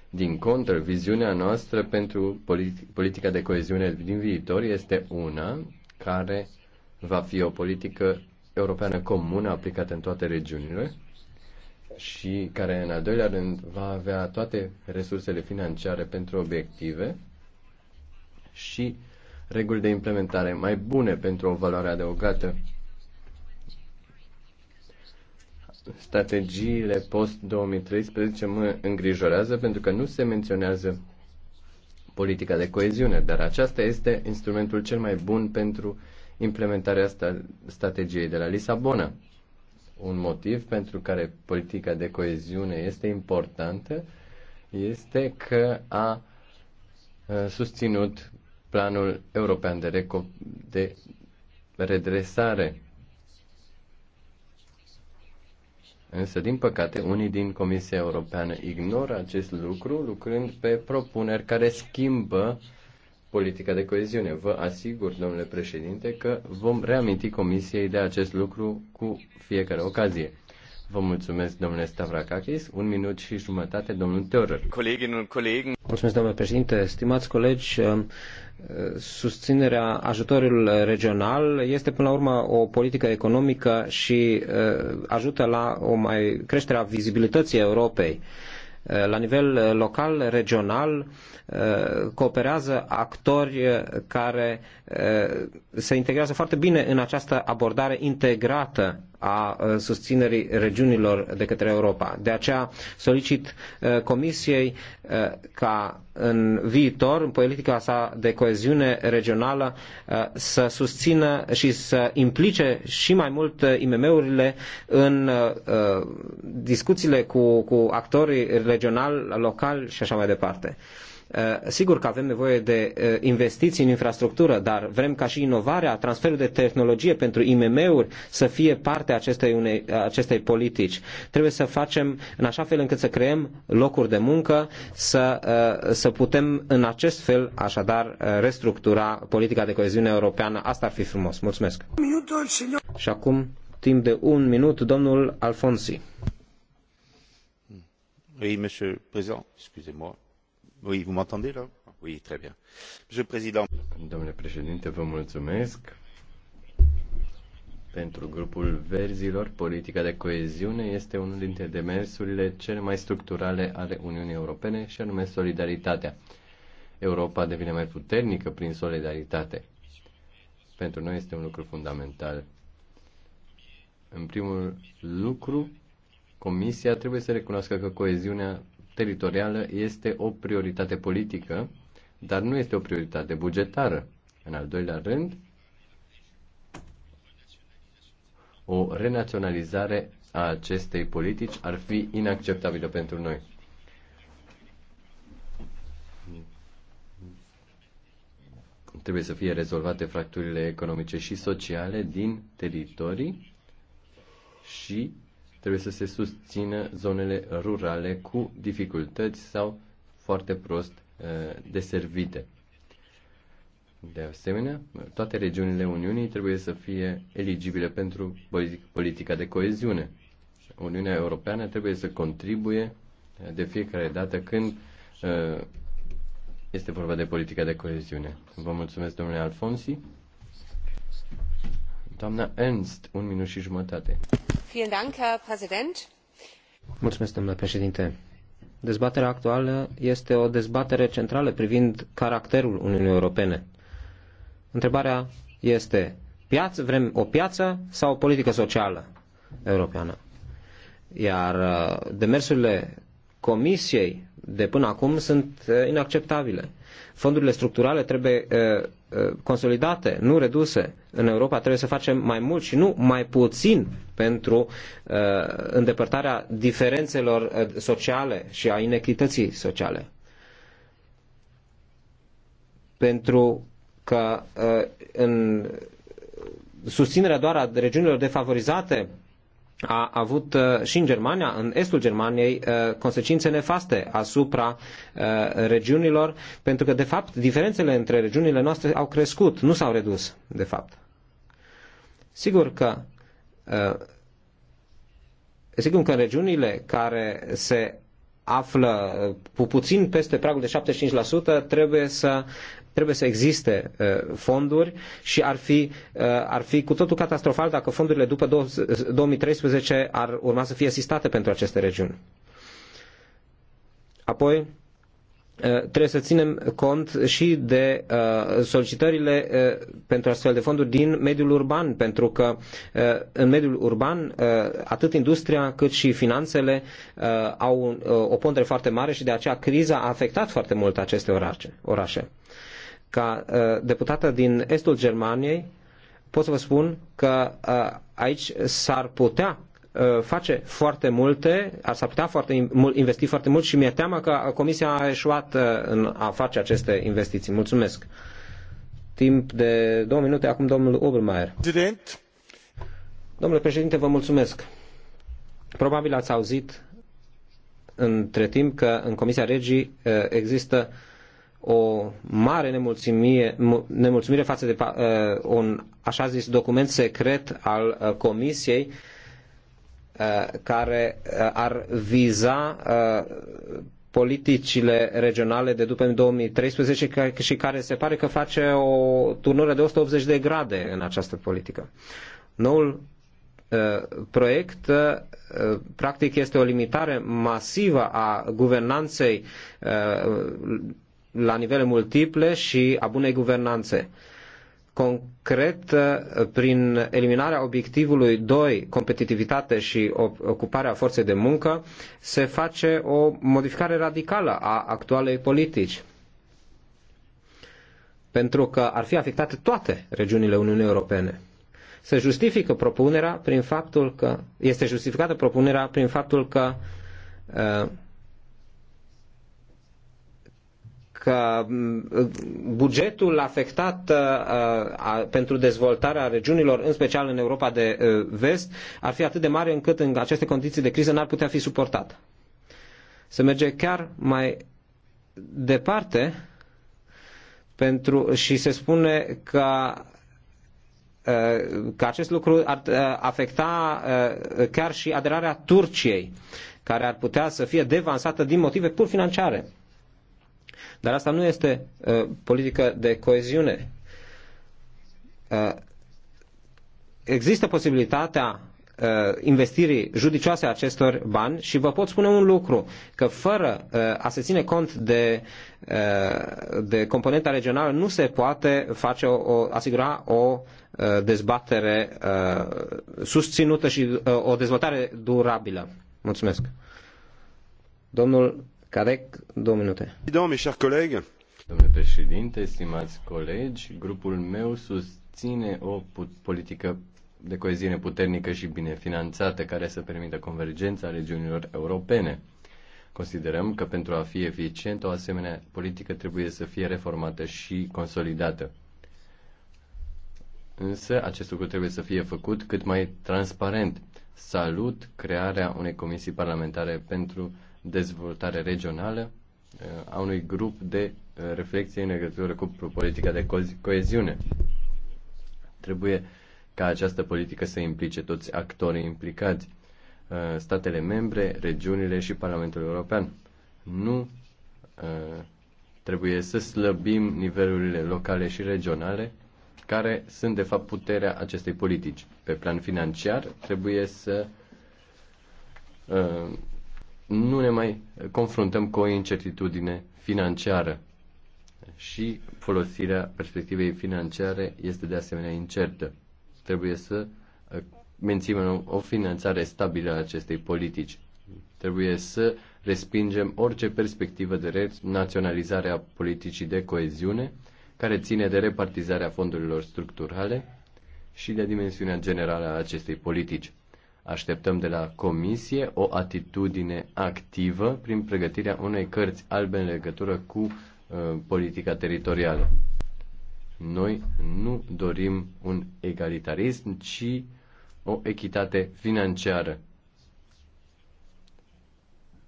B: Din contră, viziunea noastră pentru politica de coeziune din viitor este una care va fi o politică europeană comună aplicată în toate regiunile și care, în al doilea rând, va avea toate resursele financiare pentru obiective și reguli de implementare mai bune pentru o valoare adăugată. Strategiile post-2013 mă îngrijorează pentru că nu se menționează politica de coeziune, dar aceasta este instrumentul cel mai bun pentru implementarea sta- strategiei de la Lisabona. Un motiv pentru care politica de coeziune este importantă este că a susținut Planul European de, Reco- de Redresare. Însă, din păcate, unii din Comisia Europeană ignoră acest lucru, lucrând pe propuneri care schimbă politica de coeziune. Vă asigur, domnule președinte, că vom reaminti Comisiei de acest lucru cu fiecare ocazie. Vă mulțumesc, domnule Stavrakakis. Un minut și jumătate, domnul Teorer.
A: Mulțumesc, domnule președinte. Stimați colegi, um, susținerea ajutorul regional este până la urmă o politică economică și uh, ajută la o mai creșterea vizibilității Europei uh, la nivel local, regional, uh, cooperează actori care Eh, se integrează foarte bine în această abordare integrată a eh, susținerii regiunilor de către Europa. De aceea solicit eh, Comisiei ca în viitor, în politica sa de coeziune regională, să susțină și să implice și mai mult IMM-urile în discuțiile cu, cu actorii regionali, locali și așa mai departe. Eh, sigur că avem nevoie de eh, investiții în infrastructură, dar vrem ca și inovarea, transferul de tehnologie pentru IMM-uri să fie parte a acestei, unei, acestei politici. Trebuie să facem în așa fel încât să creăm locuri de muncă, să, eh, să putem în acest fel așadar restructura politica de coeziune europeană. Asta ar fi frumos. Mulțumesc. Minutul, și acum, timp de un minut, domnul Alfonsi.
C: Oui, monsieur le Président, excusez-moi. Domnule președinte, vă mulțumesc.
B: Pentru grupul verzilor, politica de coeziune este unul dintre demersurile cele mai structurale ale Uniunii Europene și anume solidaritatea. Europa devine mai puternică prin solidaritate. Pentru noi este un lucru fundamental. În primul lucru, Comisia trebuie să recunoască că coeziunea teritorială este o prioritate politică, dar nu este o prioritate bugetară. În al doilea rând, o renaționalizare a acestei politici ar fi inacceptabilă pentru noi. Trebuie să fie rezolvate fracturile economice și sociale din teritorii și Trebuie să se susțină zonele rurale cu dificultăți sau foarte prost uh, deservite. De asemenea, toate regiunile Uniunii trebuie să fie eligibile pentru politica de coeziune. Uniunea Europeană trebuie să contribuie uh, de fiecare dată când uh, este vorba de politica de coeziune. Vă mulțumesc, domnule Alfonsi. Doamna Ernst, un minut și jumătate.
A: Mulțumesc, domnule președinte. Dezbaterea actuală este o dezbatere centrală privind caracterul Uniunii Europene. Întrebarea este, piață, vrem o piață sau o politică socială europeană? Iar uh, demersurile Comisiei de până acum sunt uh, inacceptabile. Fondurile structurale trebuie uh, Uh, consolidate, nu reduse în Europa, trebuie să facem mai mult și nu mai puțin pentru uh, îndepărtarea diferențelor uh, sociale și a inechității sociale. Pentru că în susținerea doar a regiunilor defavorizate a avut uh, și în Germania, în estul Germaniei, uh, consecințe nefaste asupra uh, regiunilor, pentru că, de fapt, diferențele între regiunile noastre au crescut, nu s-au redus, de fapt. Sigur că sigur că în regiunile care se află cu puțin peste pragul de 75%, trebuie să Trebuie să existe uh, fonduri și ar fi, uh, ar fi cu totul catastrofal dacă fondurile după 2013 ar urma să fie asistate pentru aceste regiuni. Apoi, uh, trebuie să ținem cont și de solicitările pentru astfel de fonduri din mediul urban, pentru că în mediul urban atât industria cât și finanțele au o pondere foarte mare și de aceea criza a afectat foarte mult aceste orașe ca uh, deputată din estul Germaniei, pot să vă spun că uh, aici s-ar putea uh, face foarte multe, ar s-ar putea foarte investi foarte mult și mi-e teamă că Comisia a eșuat în a face aceste investiții. Mulțumesc. Timp de două minute, acum domnul Obermeier. Prezident. Domnule președinte, vă mulțumesc. Probabil ați auzit între timp că în Comisia Regii există o mare nemulțumire, nemulțumire față de uh, un așa zis document secret al uh, Comisiei uh, care uh, ar viza uh, politicile regionale de după 2013 și care se pare că face o turnură de 180 de grade în această politică. Noul uh, proiect practic este o limitare masivă a guvernanței la nivele multiple și a bunei guvernanțe. Concret, prin eliminarea obiectivului 2, competitivitate și ocuparea forței de muncă, se face o modificare radicală a actualei politici. Pentru că ar fi afectate toate regiunile Uniunii Europene se justifică propunerea prin faptul că este justificată propunerea prin faptul că uh, că mm, bugetul afectat uh, pentru dezvoltarea regiunilor, în special în Europa de uh, vest, ar fi atât de mare încât în aceste condiții de criză n-ar putea fi suportat. Se merge chiar mai departe pentru, și se spune că uh, că acest lucru ar afecta chiar și aderarea Turciei, care ar putea să fie devansată din motive pur financiare. Dar asta nu este uh, politică de coeziune. Uh, există posibilitatea uh, investirii judicioase a acestor bani și vă pot spune un lucru, că fără uh, a se ține cont de, uh, de componenta regională nu se poate face o, o, asigura o uh, dezbatere uh, susținută și uh, o dezvoltare durabilă. Mulțumesc. Domnul Carec, două minute.
B: Domnule președinte, stimați colegi, grupul meu susține o politică de coeziune puternică și bine finanțată care să permită convergența regiunilor europene. Considerăm că pentru a fi eficientă o asemenea politică trebuie să fie reformată și consolidată. Însă acest lucru trebuie să fie făcut cât mai transparent. Salut crearea unei comisii parlamentare pentru dezvoltare regională uh, a unui grup de uh, reflexie în legătură cu politica de coeziune. Trebuie ca această politică să implice toți actorii implicați, uh, statele membre, regiunile și Parlamentul European. Nu trebuie să slăbim nivelurile locale și regionale, care sunt de fapt puterea acestei politici. Pe plan financiar, trebuie să nu ne mai confruntăm cu o incertitudine financiară și folosirea perspectivei financiare este de asemenea incertă. Trebuie să uh, menținem o finanțare stabilă a acestei politici. Trebuie să respingem orice perspectivă de naționalizare a politicii de coeziune care ține de repartizarea fondurilor structurale și de dimensiunea generală a acestei politici. Așteptăm de la Comisie o atitudine activă prin pregătirea unei cărți albe în legătură cu uh, politica teritorială. Noi nu dorim un egalitarism, ci o echitate financiară.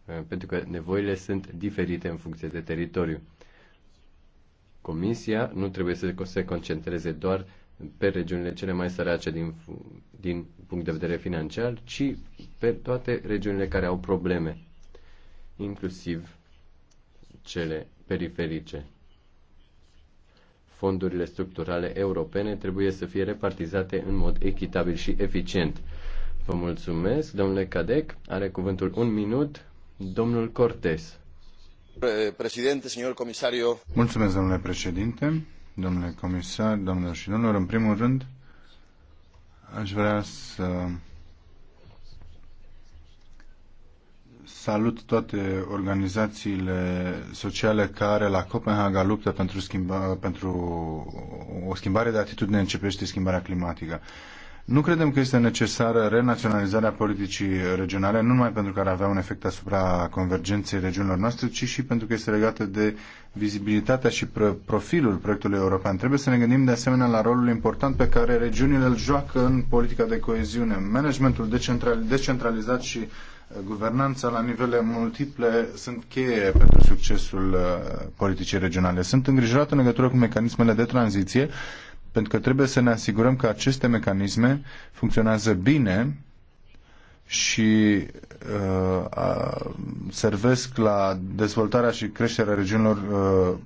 B: Uh, pentru că nevoile sunt diferite în funcție de teritoriu. Comisia nu trebuie să se concentreze doar pe regiunile cele mai sărace din, din punct de vedere financiar, ci pe toate regiunile care au probleme, inclusiv cele periferice. Fondurile structurale europene trebuie să fie repartizate în mod echitabil și eficient. Vă mulțumesc, domnule Cadec.
C: Are cuvântul un minut, domnul Cortes. Mulțumesc, domnule președinte domnule comisar, domnilor și domnilor. În primul rând, aș vrea să salut toate organizațiile sociale care la Copenhaga luptă pentru, schimba, pentru o schimbare de atitudine în ce schimbarea climatică. Nu credem că este necesară renaționalizarea politicii regionale, nu numai pentru că ar avea un efect asupra convergenței regiunilor noastre, ci și pentru că este legată de vizibilitatea și profilul proiectului european. Trebuie să ne gândim de asemenea la rolul important pe care regiunile îl joacă în politica de coeziune. Managementul decentralizat și uh, guvernanța la nivele multiple sunt cheie pentru succesul uh, politicii regionale. Sunt îngrijorat în legătură cu mecanismele de tranziție pentru că trebuie să ne asigurăm că aceste mecanisme funcționează bine și uh, servesc la dezvoltarea și creșterea regiunilor uh,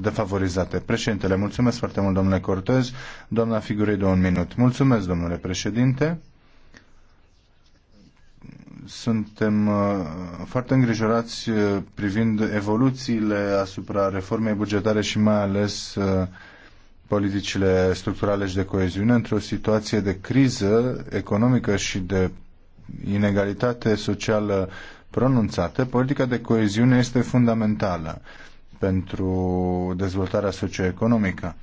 C: defavorizate. Președintele, mulțumesc foarte mult, domnule Cortez. Doamna Figurei, de un minut. Mulțumesc, domnule președinte. Suntem uh, foarte îngrijorați uh, privind evoluțiile asupra reformei bugetare și mai ales uh, politicile structurale și de coeziune într-o situație de criză economică și de inegalitate socială pronunțată, politica de coeziune este fundamentală pentru dezvoltarea socioeconomică.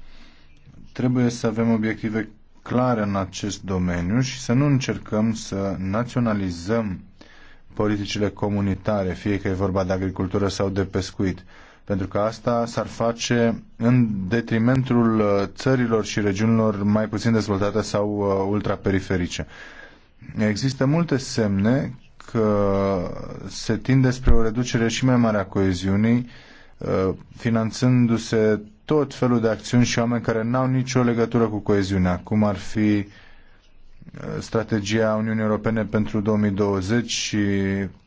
C: Trebuie să avem obiective clare în acest domeniu și să nu încercăm să naționalizăm politicile comunitare, fie că e vorba de agricultură sau de pescuit pentru că asta s-ar face în detrimentul uh, țărilor și regiunilor mai puțin dezvoltate sau uh, ultraperiferice. Există multe semne că se tinde spre o reducere și mai mare a coeziunii, uh, finanțându-se tot felul de acțiuni și oameni care n-au nicio legătură cu coeziunea, cum ar fi uh, strategia Uniunii Europene pentru 2020 și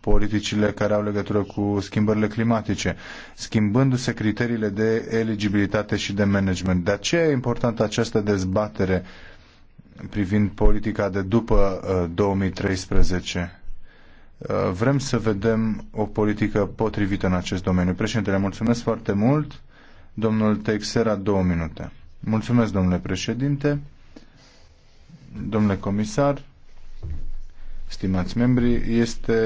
C: politicile care au legătură cu schimbările climatice, schimbându-se criteriile de eligibilitate și de management. De aceea e importantă această dezbatere privind politica de după 2013. Uh, uh, vrem să vedem o politică potrivită în acest domeniu. Președintele, mulțumesc foarte mult. Domnul Teixeira, două minute. Mulțumesc, domnule președinte. Domnule comisar, stimați membri, este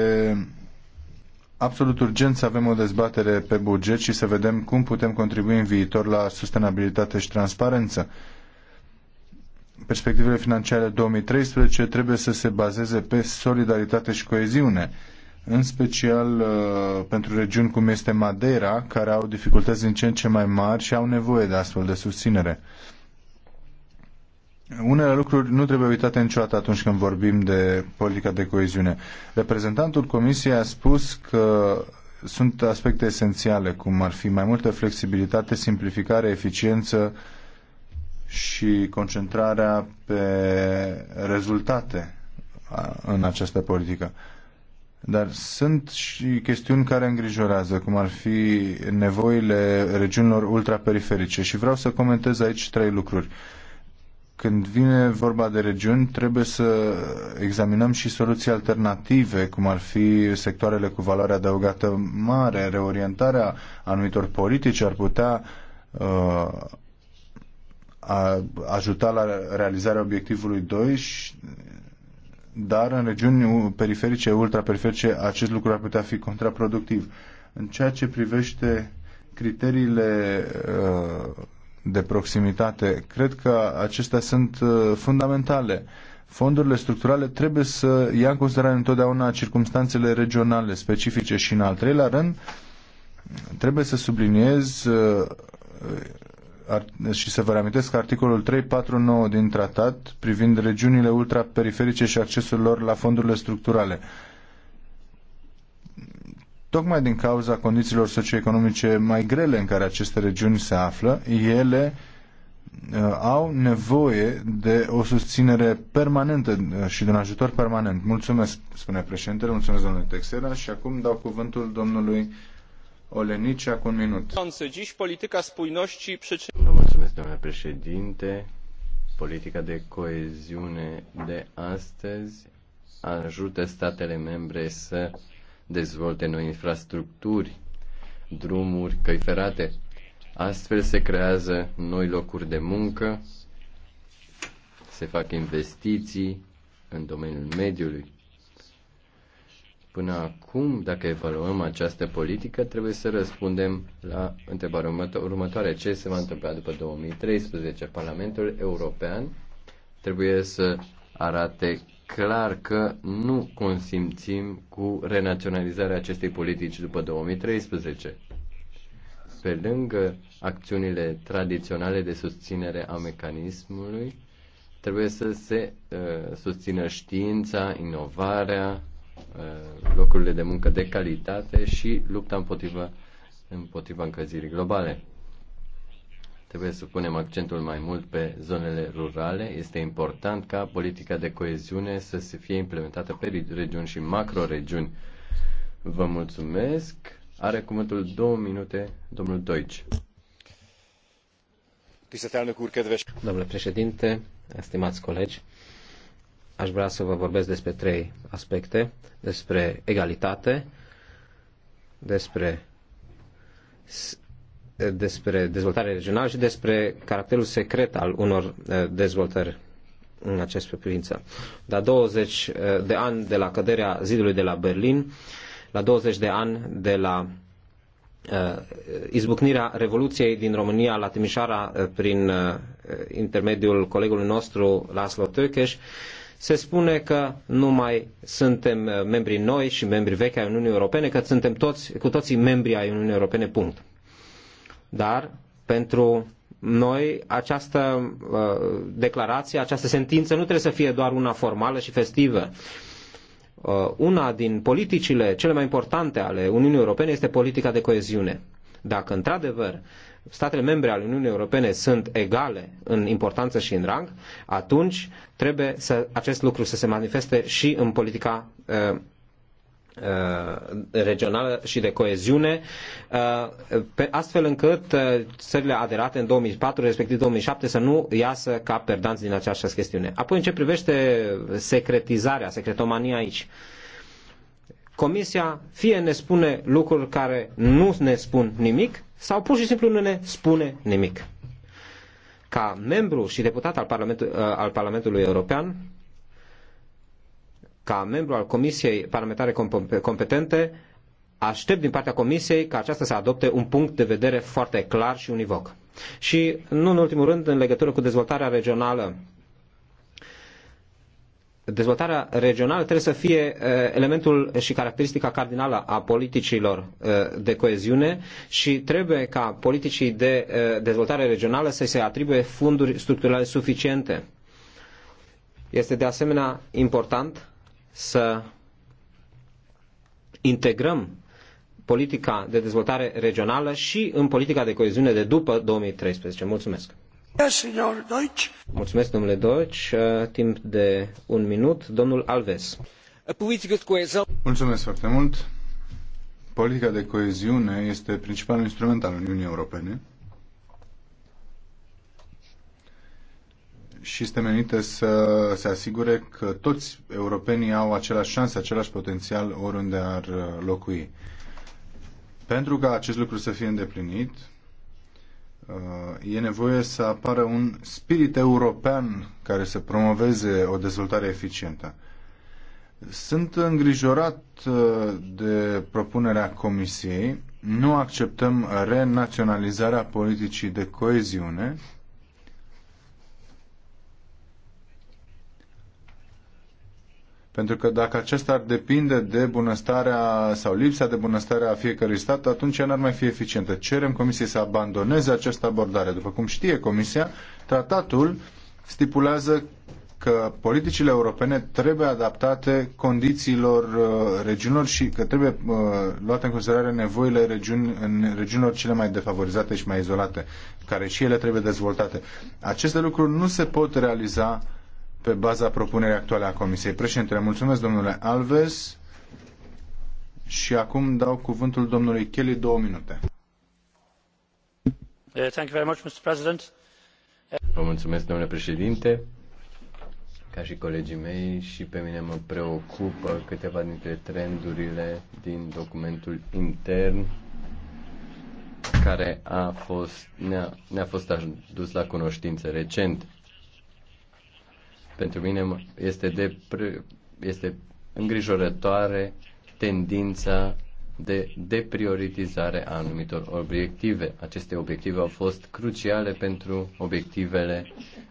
C: absolut urgent să avem o dezbatere pe buget și să vedem cum putem contribui în viitor la sustenabilitate și transparență. Perspectivele financiare 2013 trebuie să se bazeze pe solidaritate și coeziune, în special uh, pentru regiuni cum este Madeira, care au dificultăți din ce în ce mai mari și au nevoie de astfel de susținere unele lucruri nu trebuie uitate niciodată atunci când vorbim de politica de coeziune. Reprezentantul Comisiei a spus că sunt aspecte esențiale, cum ar fi mai multă flexibilitate, simplificare, eficiență și concentrarea pe rezultate în această politică. Dar sunt și chestiuni care îngrijorează, cum ar fi nevoile regiunilor ultraperiferice și vreau să comentez aici trei lucruri. Uh, când vine vorba de regiuni, trebuie să examinăm și soluții alternative, cum ar fi sectoarele cu valoare adăugată mare, reorientarea anumitor politici ar putea uh, a ajuta la realizarea obiectivului 2, și, dar în regiuni periferice, ultraperiferice, acest lucru ar putea fi contraproductiv. În ceea ce privește criteriile uh, de proximitate. Cred că acestea sunt uh, fundamentale. Fondurile structurale trebuie să ia în considerare întotdeauna circumstanțele regionale specifice și în al treilea rând trebuie să subliniez uh, și să vă reamintesc articolul 349 din tratat privind regiunile ultraperiferice și accesul lor la fondurile structurale tocmai din cauza condițiilor socioeconomice mai grele în care aceste regiuni se află, ele uh, au nevoie de o susținere permanentă uh, și de un ajutor permanent. Mulțumesc, spune președintele, mulțumesc domnule Texera și acum dau cuvântul domnului Olenicea cu un minut.
F: politica polityka mulțumesc,
C: domnule președinte. Politica de
B: coeziune de astăzi ajută statele membre să dezvolte noi infrastructuri, drumuri, căi ferate. Astfel se creează noi locuri de muncă, se fac investiții în domeniul mediului. Până acum, dacă evaluăm această politică, trebuie să răspundem la întrebarea următoare. Ce se va întâmpla după 2013? Parlamentul European trebuie să arate clar că nu consimțim cu renaționalizarea acestei politici după 2013. Pe lângă acțiunile tradiționale de susținere a mecanismului, trebuie să se uh, susțină știința, inovarea, uh, locurile de muncă de calitate și lupta împotriva, împotriva încălzirii globale. Trebuie să punem accentul mai mult pe zonele rurale. Este important ca politica de coeziune să se fie implementată pe regiuni și macro-regiuni. Vă mulțumesc. Are cuvântul două minute domnul Deutsch. Domnule președinte, estimați
A: colegi, aș vrea să vă vorbesc despre trei aspecte, despre egalitate, despre despre dezvoltare regională și despre caracterul secret al unor eh, dezvoltări în această privință. La 20 eh, de ani de la căderea zidului de la Berlin, la 20 de ani de la eh, izbucnirea Revoluției din România la Timișoara prin intermediul colegului nostru Laszlo Tökes, se spune că nu mai suntem membri noi și membri vechi ai Uniunii Europene, că suntem toți, cu toții membri ai Uniunii Europene, punct. Dar pentru noi această uh, declarație, această sentință nu trebuie să fie doar una formală și festivă. Uh, una din politicile cele mai importante ale Uniunii Europene este politica de coeziune. Dacă într-adevăr statele membre ale Uniunii Europene sunt egale în importanță și în rang, atunci trebuie să acest lucru să se manifeste și în politica uh, Uh, regională și de coeziune, uh, astfel încât uh, țările aderate în 2004, respectiv 2007, să nu iasă ca perdanți din această chestiune. Apoi, în ce privește secretizarea, secretomania aici, Comisia fie ne spune lucruri care nu ne spun nimic, sau pur și simplu nu ne spune nimic. Ca membru și deputat al, Parlamentului, al Parlamentului European, ca membru al Comisiei Parlamentare Competente, aștept din partea Comisiei ca aceasta să adopte un punct de vedere foarte clar și univoc. Și, nu în ultimul rând, în legătură cu dezvoltarea regională, dezvoltarea regională trebuie să fie eh, elementul și caracteristica cardinală a politicilor eh, de coeziune și trebuie ca politicii de eh, dezvoltare regională să se atribuie funduri structurale suficiente. Este de asemenea important să integrăm politica de dezvoltare regională și în politica de coeziune de după 2013. Mulțumesc! Da, Mulțumesc, domnule Deutsch.
C: Uh, timp de un minut, domnul Alves.
A: Uh,
C: Mulțumesc foarte mult. Politica de coeziune este principalul instrument al Uniunii Europene și este menită să se asigure că toți europenii au aceleași șansă, același potențial oriunde ar uh, locui. Pentru ca acest lucru să fie îndeplinit, uh, e nevoie să apară un spirit european care să promoveze o dezvoltare eficientă. Sunt îngrijorat uh, de propunerea Comisiei. Nu acceptăm renaționalizarea politicii de coeziune, Pentru că dacă acesta ar depinde de bunăstarea sau lipsa de bunăstare a fiecărui stat, atunci ea n-ar mai fi eficientă. Cerem Comisiei să abandoneze această abordare. După cum știe Comisia, tratatul stipulează că politicile europene trebuie adaptate condițiilor uh, regiunilor și că trebuie uh, luate în considerare nevoile regiuni, în regiunilor cele mai defavorizate și mai izolate, care și ele trebuie dezvoltate. Aceste lucruri nu se pot realiza pe baza propunerii actuale a Comisiei. Președintele, mulțumesc domnule Alves și acum dau cuvântul domnului Kelly două minute.
F: Uh, thank you very much, Mr. President.
C: Vă mulțumesc, domnule președinte.
B: Ca și colegii mei, și pe mine mă preocupă câteva dintre trendurile din documentul intern care a fost, ne-a, ne-a fost adus la cunoștință recent. Pentru mine este, de, este îngrijorătoare tendința de deprioritizare a anumitor obiective. Aceste obiective au fost cruciale pentru obiectivele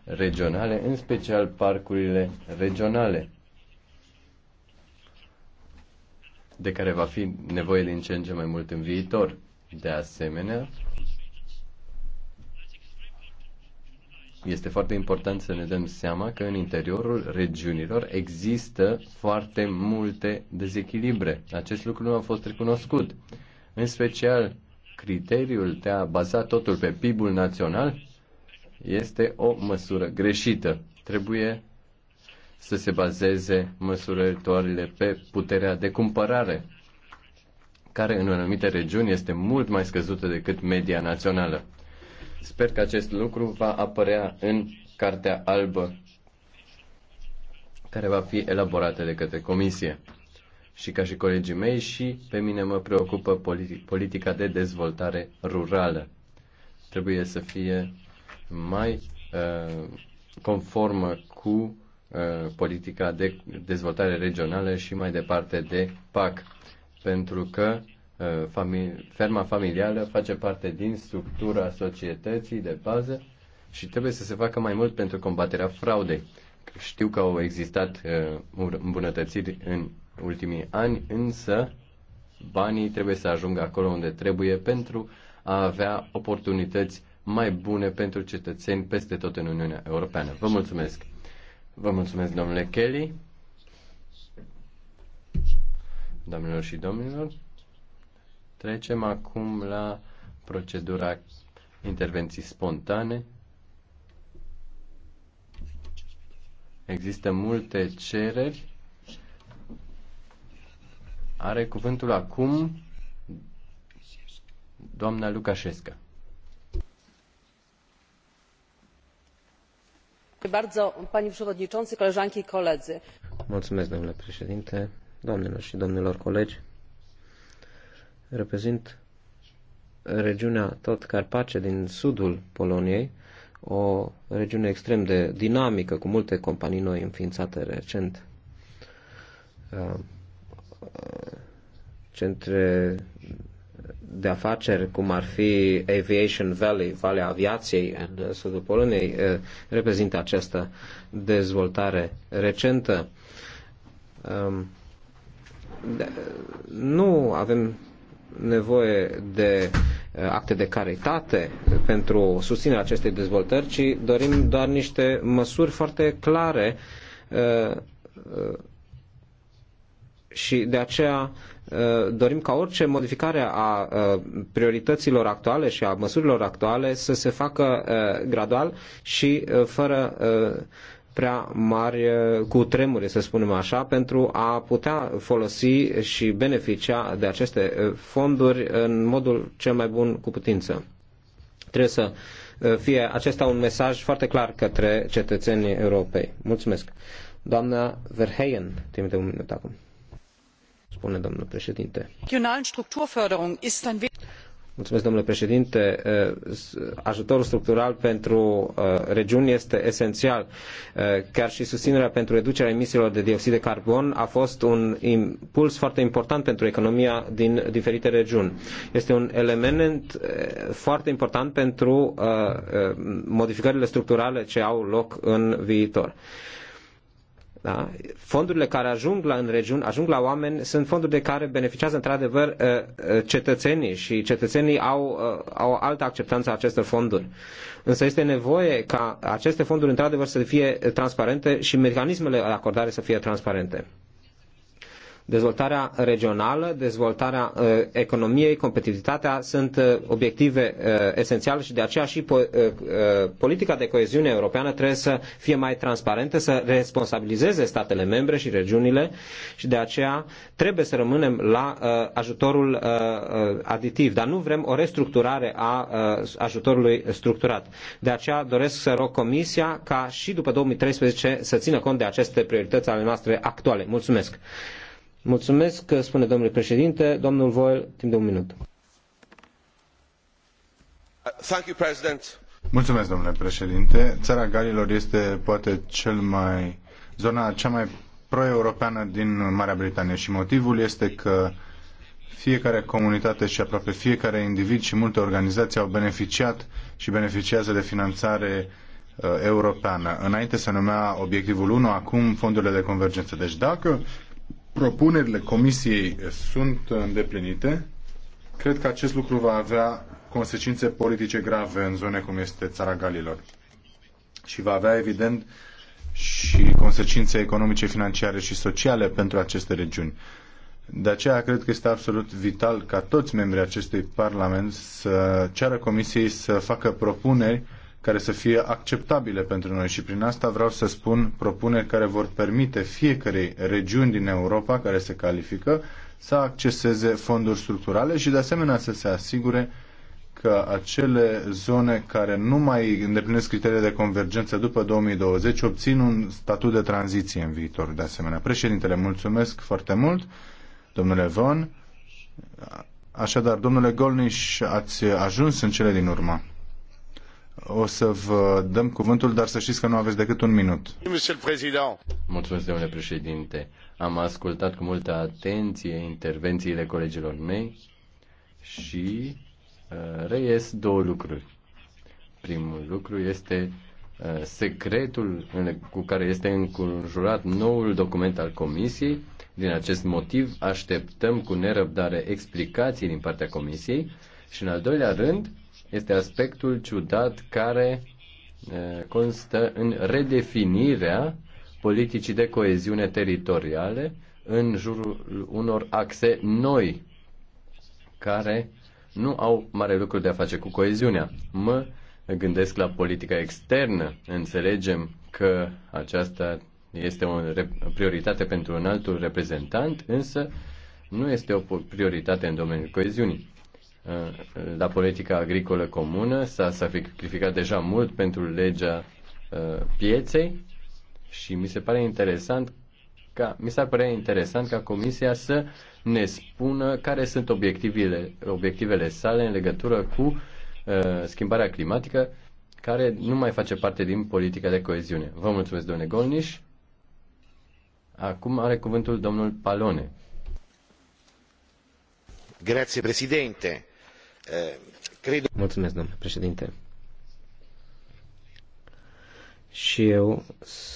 B: regionale, în special parcurile regionale, de care va fi nevoie din ce în ce mai mult în viitor. De asemenea, Este foarte important să ne dăm seama că în interiorul regiunilor există foarte multe dezechilibre. Acest lucru nu a fost recunoscut. În special, criteriul de a baza totul pe PIB-ul național este o măsură greșită. Trebuie să se bazeze măsurătoarele pe puterea de cumpărare, care în anumite regiuni este mult mai scăzută decât media națională. Sper că acest lucru va apărea în Cartea Albă care va fi elaborată de către Comisie. Și ca și colegii mei și pe mine mă preocupă politica de dezvoltare rurală. Trebuie să fie mai uh, conformă cu uh, politica de dezvoltare regională și mai departe de PAC, pentru că Eh, famili- ferma familială face parte din structura societății de bază și trebuie să se facă mai mult pentru combaterea fraudei. Știu că au existat uh, îmbunătățiri în ultimii ani, însă banii trebuie să ajungă acolo unde trebuie pentru a avea oportunități mai bune pentru cetățeni peste tot în Uniunea Europeană. Vă mulțumesc! Vă mulțumesc, domnule Kelly! Domnilor și domnilor! Trecem acum la procedura intervenții spontane. Există multe cereri. Are cuvântul acum doamna Lucașescă.
A: Mulțumesc, domnule președinte, doamnelor și domnilor colegi reprezint regiunea tot Carpace din sudul Poloniei, o regiune extrem de dinamică, cu multe companii noi înființate recent. Uh, uh, centre de afaceri, cum ar fi Aviation Valley, Valea Aviației în sudul Poloniei, uh, reprezintă această dezvoltare recentă. Um, nu avem nevoie de uh, acte de caritate pentru susținerea acestei dezvoltări, ci dorim doar niște măsuri foarte clare uh, uh, și de aceea dorim ca orice modificare a priorităților actuale și a măsurilor actuale să se facă gradual și fără prea mari eh, cu tremure, să spunem așa, pentru a putea folosi și beneficia de aceste eh, fonduri în modul cel mai bun cu putință. Trebuie să eh, fie acesta un mesaj foarte clar către cetățenii Europei. Mulțumesc. Doamna Verheyen, timp de un minut acum. Spune domnul președinte. Mulțumesc, domnule președinte. Ajutorul structural pentru regiuni este esențial. Chiar și susținerea pentru reducerea emisiilor de dioxid de carbon a fost un impuls foarte important pentru economia din diferite regiuni. Este un element foarte important pentru modificările structurale ce au loc în viitor. Da? Fondurile care ajung la, în regiuni, ajung la oameni, sunt fonduri de care beneficiază într-adevăr uh, uh, cetățenii și cetățenii au, uh, au altă acceptanță a acestor fonduri. Însă este nevoie ca aceste fonduri într-adevăr să fie transparente și mecanismele de acordare să fie transparente. Dezvoltarea regională, dezvoltarea uh, economiei, competitivitatea sunt uh, obiective uh, esențiale și de aceea și politica de coeziune europeană trebuie să fie mai transparentă, să responsabilizeze statele membre și regiunile și de aceea trebuie să rămânem la ajutorul aditiv, dar nu vrem o restructurare a ajutorului structurat. De aceea doresc să rog Comisia ca și după 2013 să țină cont de aceste priorități ale noastre actuale. Mulțumesc! Mulțumesc, spune domnul
C: președinte. Domnul Voil, timp de un minut. Thank you, President. Mulțumesc, domnule președinte. Țara Galilor este poate cel mai, zona cea mai pro-europeană din Marea Britanie și motivul este că fiecare comunitate și aproape fiecare individ și multe organizații au beneficiat și beneficiază de finanțare uh, europeană. Înainte se numea obiectivul 1, acum fondurile de convergență. Deci dacă propunerile Comisiei sunt îndeplinite, cred că acest lucru va avea consecințe politice grave în zone cum este țara Galilor și va avea, evident, și consecințe economice, financiare și sociale pentru aceste regiuni. De aceea cred că este absolut vital ca toți membrii acestui Parlament să ceară Comisiei să facă propuneri care să fie acceptabile pentru noi și prin asta vreau să spun propuneri care vor permite fiecarei regiuni din Europa care se califică să acceseze fonduri structurale și de asemenea să se asigure că acele zone care nu mai îndeplinesc criteriile de convergență după 2020 obțin un statut de tranziție în viitor. De asemenea, președintele, mulțumesc foarte mult, domnule Von. Așadar, domnule Golniș, ați ajuns în cele din urmă o să vă dăm cuvântul, dar să știți că nu aveți decât un minut.
B: Mulțumesc, domnule președinte. Am ascultat cu multă atenție intervențiile colegilor mei și uh, reies două lucruri. Primul lucru este uh, secretul cu care este înconjurat noul document al Comisiei. Din acest motiv așteptăm cu nerăbdare explicații din partea Comisiei și, în al doilea rând, este aspectul ciudat care constă în redefinirea politicii de coeziune teritoriale în jurul unor axe noi care nu au mare lucru de a face cu coeziunea. Mă gândesc la politica externă. Înțelegem că aceasta este o prioritate pentru un altul reprezentant, însă nu este o prioritate în domeniul coeziunii la politica agricolă comună, s-a sacrificat deja mult pentru legea uh, pieței și mi se pare interesant ca, mi s-ar părea interesant ca Comisia să ne spună care sunt obiectivele, obiectivele sale în legătură cu uh, schimbarea climatică care nu mai face parte din politica de coeziune. Vă mulțumesc, domnule Golniș. Acum are cuvântul domnul Palone.
F: Grazie, președinte. Cred...
A: Mulțumesc, domnule președinte. Și eu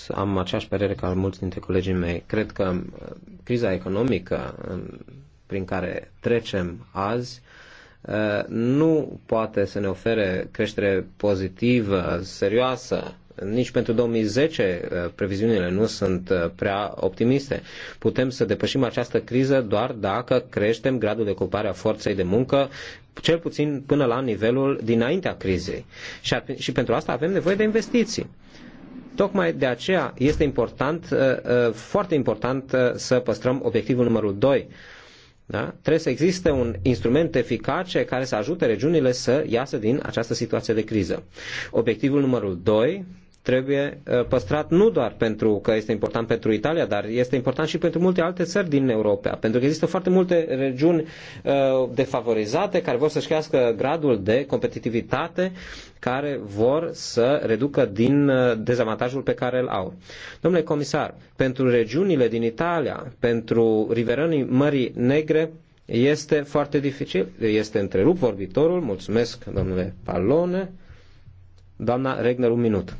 A: am aceeași părere ca mulți dintre colegii mei. Cred că uh, criza economică prin care trecem azi uh, nu poate să ne ofere creștere pozitivă, serioasă, nici pentru 2010 uh, previziunile nu sunt uh, prea optimiste. Putem să depășim această criză doar dacă creștem gradul de ocupare a forței de muncă cel puțin până la nivelul dinaintea crizei. Și, și pentru asta avem nevoie de investiții. Tocmai de aceea este important, uh, foarte important să păstrăm obiectivul numărul 2. Da? Trebuie să existe un instrument eficace care să ajute regiunile să iasă din această situație de criză. Obiectivul numărul 2 trebuie uh, păstrat nu doar pentru că este important pentru Italia, dar este important și pentru multe alte țări din Europa, pentru că există foarte multe regiuni uh, defavorizate care vor să-și crească gradul de competitivitate, care vor să reducă din uh, dezavantajul pe care îl au. Domnule comisar, pentru regiunile din Italia, pentru riverănii Mării Negre, este foarte dificil. Este întrerupt vorbitorul. Mulțumesc, domnule Palone. Doamna Regner, un minut.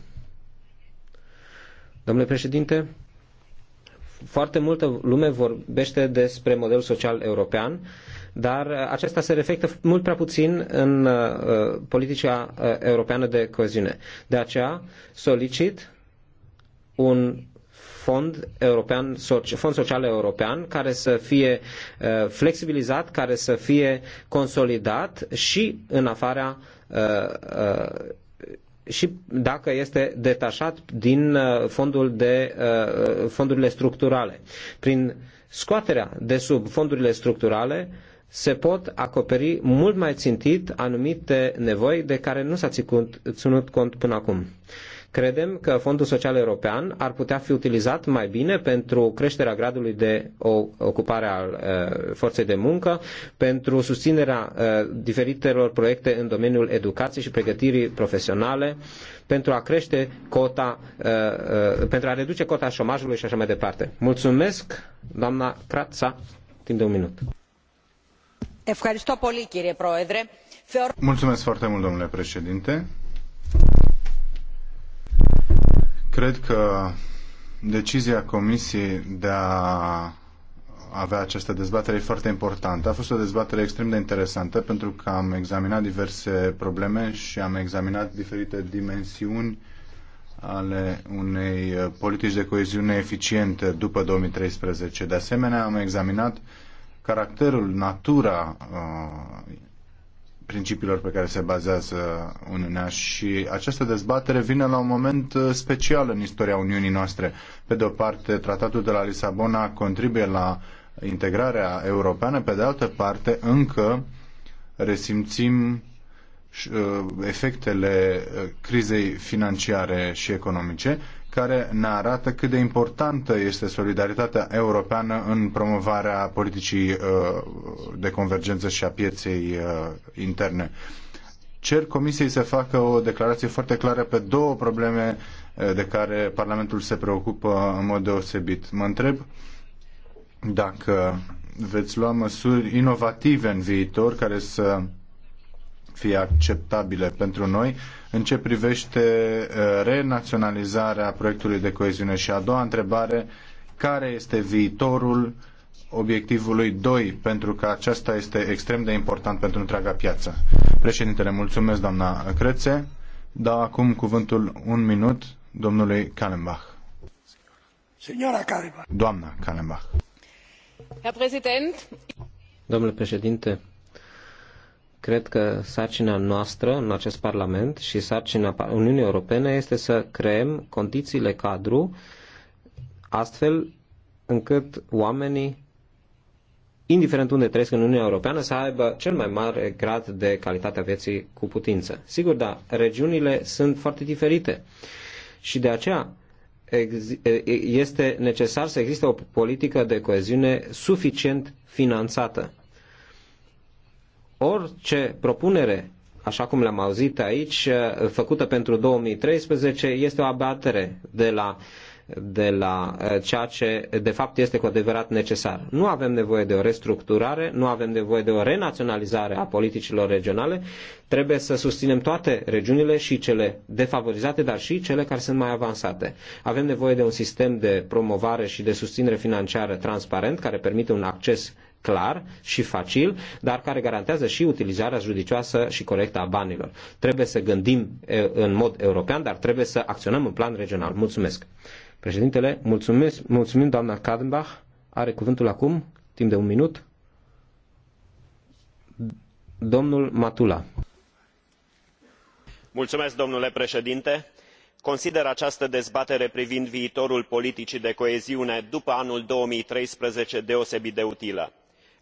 A: Domnule președinte, foarte multă lume vorbește despre modelul social european, dar uh, acesta se reflectă mult prea puțin în uh, politica uh, europeană de coeziune. De aceea solicit un fond european, fond social european care să fie flexibilizat, care să fie consolidat și în afara și dacă este detașat din uh, fondul de, uh, fondurile structurale. Prin scoaterea de sub fondurile structurale se pot acoperi mult mai țintit anumite nevoi de care nu s-a ținut cont până acum. Credem că Fondul Social European ar putea fi utilizat mai bine pentru creșterea gradului de ocupare al uh, forței de muncă, pentru susținerea uh, diferitelor proiecte în domeniul educației și pregătirii profesionale, pentru a crește cota, uh, pentru a reduce cota șomajului și așa mai departe. Mulțumesc, doamna Crața, timp de un minut.
C: Mulțumesc foarte mult, domnule președinte. Cred că decizia Comisiei de a avea această dezbatere e foarte importantă. A fost o dezbatere extrem de interesantă pentru că am examinat diverse probleme și am examinat diferite dimensiuni ale unei politici de coeziune eficiente după 2013. De asemenea, am examinat caracterul, natura uh, principiilor pe care se bazează Uniunea și această dezbatere vine la un moment uh, special în istoria Uniunii noastre. Pe de o parte, tratatul de la Lisabona contribuie la integrarea europeană, pe de altă parte, încă resimțim uh, efectele uh, crizei financiare și economice care ne arată cât de importantă este solidaritatea europeană în promovarea politicii uh, de convergență și a pieței uh, interne. Cer Comisiei să facă o declarație foarte clară pe două probleme uh, de care Parlamentul se preocupă în mod deosebit. Mă întreb dacă veți lua măsuri inovative în viitor care să fie acceptabile pentru noi în ce privește uh, renaționalizarea proiectului de coeziune? Și a doua întrebare, care este viitorul obiectivului 2, pentru că aceasta este extrem de important pentru întreaga piață. Președintele, mulțumesc, doamna Crețe. Dau acum cuvântul un minut domnului Kallenbach. Doamna Kallenbach.
A: Herr Präsident. Domnule președinte, Cred că sarcina noastră în acest Parlament și sarcina Uniunii Europene este să creăm condițiile cadru astfel încât oamenii, indiferent unde trăiesc în Uniunea Europeană, să aibă cel mai mare grad de calitate a vieții cu putință. Sigur, da, regiunile sunt foarte diferite și de aceea este necesar să existe o politică de coeziune suficient finanțată. Orice propunere, așa cum le-am auzit aici, făcută pentru 2013, este o abatere de la de la eh, ceea ce de fapt este cu adevărat necesar. Nu avem nevoie de o restructurare, nu avem nevoie de o renaționalizare a politicilor regionale, trebuie să susținem toate regiunile și cele defavorizate, dar și cele care sunt mai avansate. Avem nevoie de un sistem de promovare și de susținere financiară transparent care permite un acces clar și facil, dar care garantează și utilizarea judicioasă și corectă a banilor. Trebuie să gândim în mod european, dar trebuie să acționăm în plan regional. Mulțumesc. Președintele, mulțumesc, mulțumim doamna Kadenbach. Are cuvântul acum, timp de un minut. Domnul Matula.
F: Mulțumesc, domnule președinte consider această dezbatere privind viitorul politicii de coeziune după anul 2013 deosebit de utilă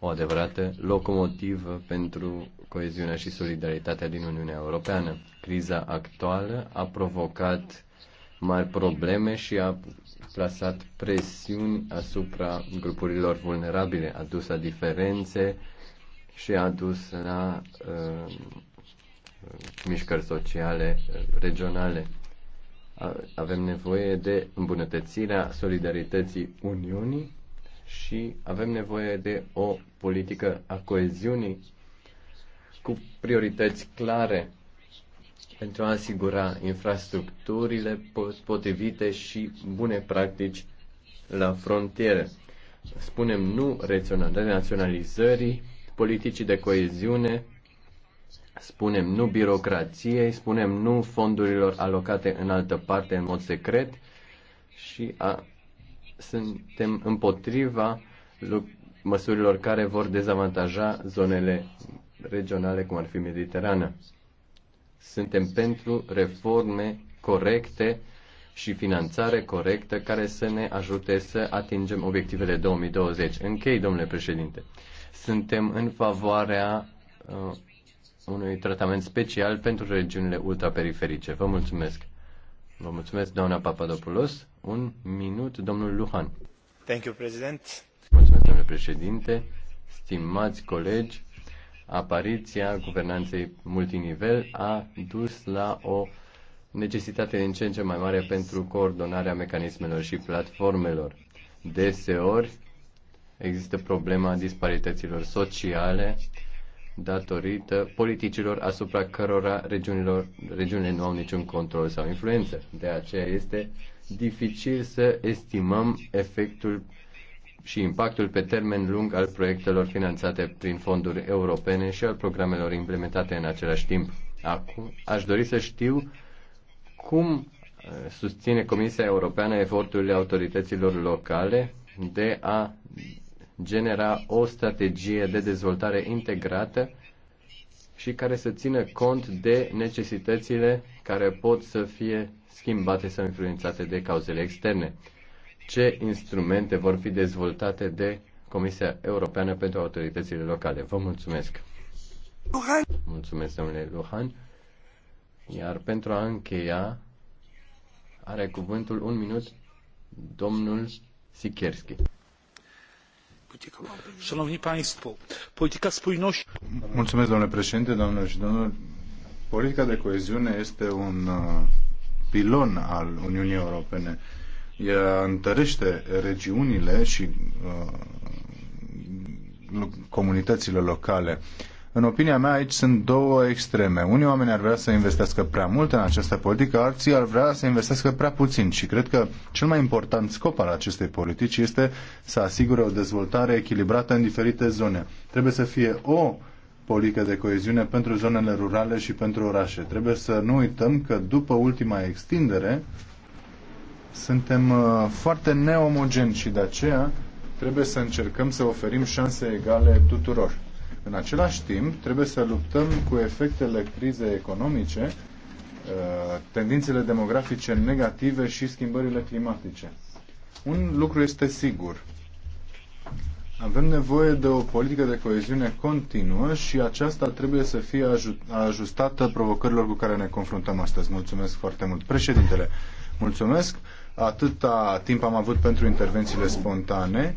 B: o adevărată locomotivă pentru coeziunea și solidaritatea din Uniunea Europeană. Criza actuală a provocat mari probleme și a plasat presiuni asupra grupurilor vulnerabile, a dus la diferențe și a dus la uh, mișcări sociale uh, regionale. Avem nevoie de îmbunătățirea solidarității Uniunii și avem nevoie de o politică a coeziunii cu priorități clare pentru a asigura infrastructurile potrivite și bune practici la frontiere. Spunem nu renaționalizării, politicii de coeziune, spunem nu birocrației, spunem nu fondurilor alocate în altă parte în mod secret și a suntem împotriva măsurilor care vor dezavantaja zonele regionale, cum ar fi Mediterana. Suntem pentru reforme corecte și finanțare corectă care să ne ajute să atingem obiectivele 2020. Închei, domnule președinte. Suntem în favoarea uh, unui tratament special pentru regiunile ultraperiferice. Vă mulțumesc. Vă mulțumesc, doamna Papadopoulos. Un minut, domnul Luhan. Thank
C: you, President.
B: Mulțumesc, domnule președinte. Stimați colegi, apariția guvernanței multinivel a dus la o necesitate din ce în ce mai mare pentru coordonarea mecanismelor și platformelor. Deseori există problema disparităților sociale datorită politicilor asupra cărora regiunilor, regiunile nu au niciun control sau influență. De aceea este dificil să estimăm efectul și impactul pe termen lung al proiectelor finanțate prin fonduri europene și al programelor implementate în același timp. Acum aș dori să știu cum uh, susține Comisia Europeană eforturile autorităților locale de a genera o strategie de dezvoltare integrată și care să țină cont de necesitățile care pot să fie schimbate sau influențate de cauzele externe. Ce instrumente vor fi dezvoltate de Comisia Europeană pentru autoritățile locale? Vă mulțumesc! Mulțumesc, domnule Luhan. Iar pentru a încheia, are cuvântul un minut domnul Sikerski.
C: Mulțumesc, și Politica de coeziune este un uh, pilon al Uniunii Europene. Ea întărește regiunile și uh, comunitățile locale. Uh, în opinia mea, aici sunt două extreme. Unii oameni ar vrea să investească prea mult în această politică, alții ar vrea să investească prea puțin și cred că cel mai important scop al acestei politici este să asigure o dezvoltare echilibrată în diferite zone. Trebuie să fie o politică de coeziune pentru zonele rurale și pentru orașe. Trebuie să nu uităm că după ultima extindere suntem uh, foarte neomogeni și de aceea trebuie să încercăm să oferim șanse egale tuturor. În același timp, trebuie să luptăm cu efectele crizei economice, uh, tendințele demografice negative și schimbările climatice. Un lucru este sigur. Avem nevoie de o politică de coeziune continuă și aceasta trebuie să fie ajustată provocărilor cu care ne confruntăm astăzi. Mulțumesc foarte mult. Președintele, mulțumesc. Atâta timp am avut pentru intervențiile spontane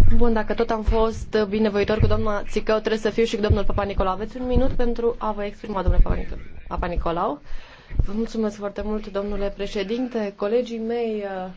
E: Bun, dacă tot am fost binevoitor cu doamna Țicău, trebuie să fiu și cu domnul Papa Nicolau. Aveți un minut pentru a vă exprima, domnule Papa Nicolau. Vă mulțumesc foarte mult, domnule președinte. Colegii mei uh,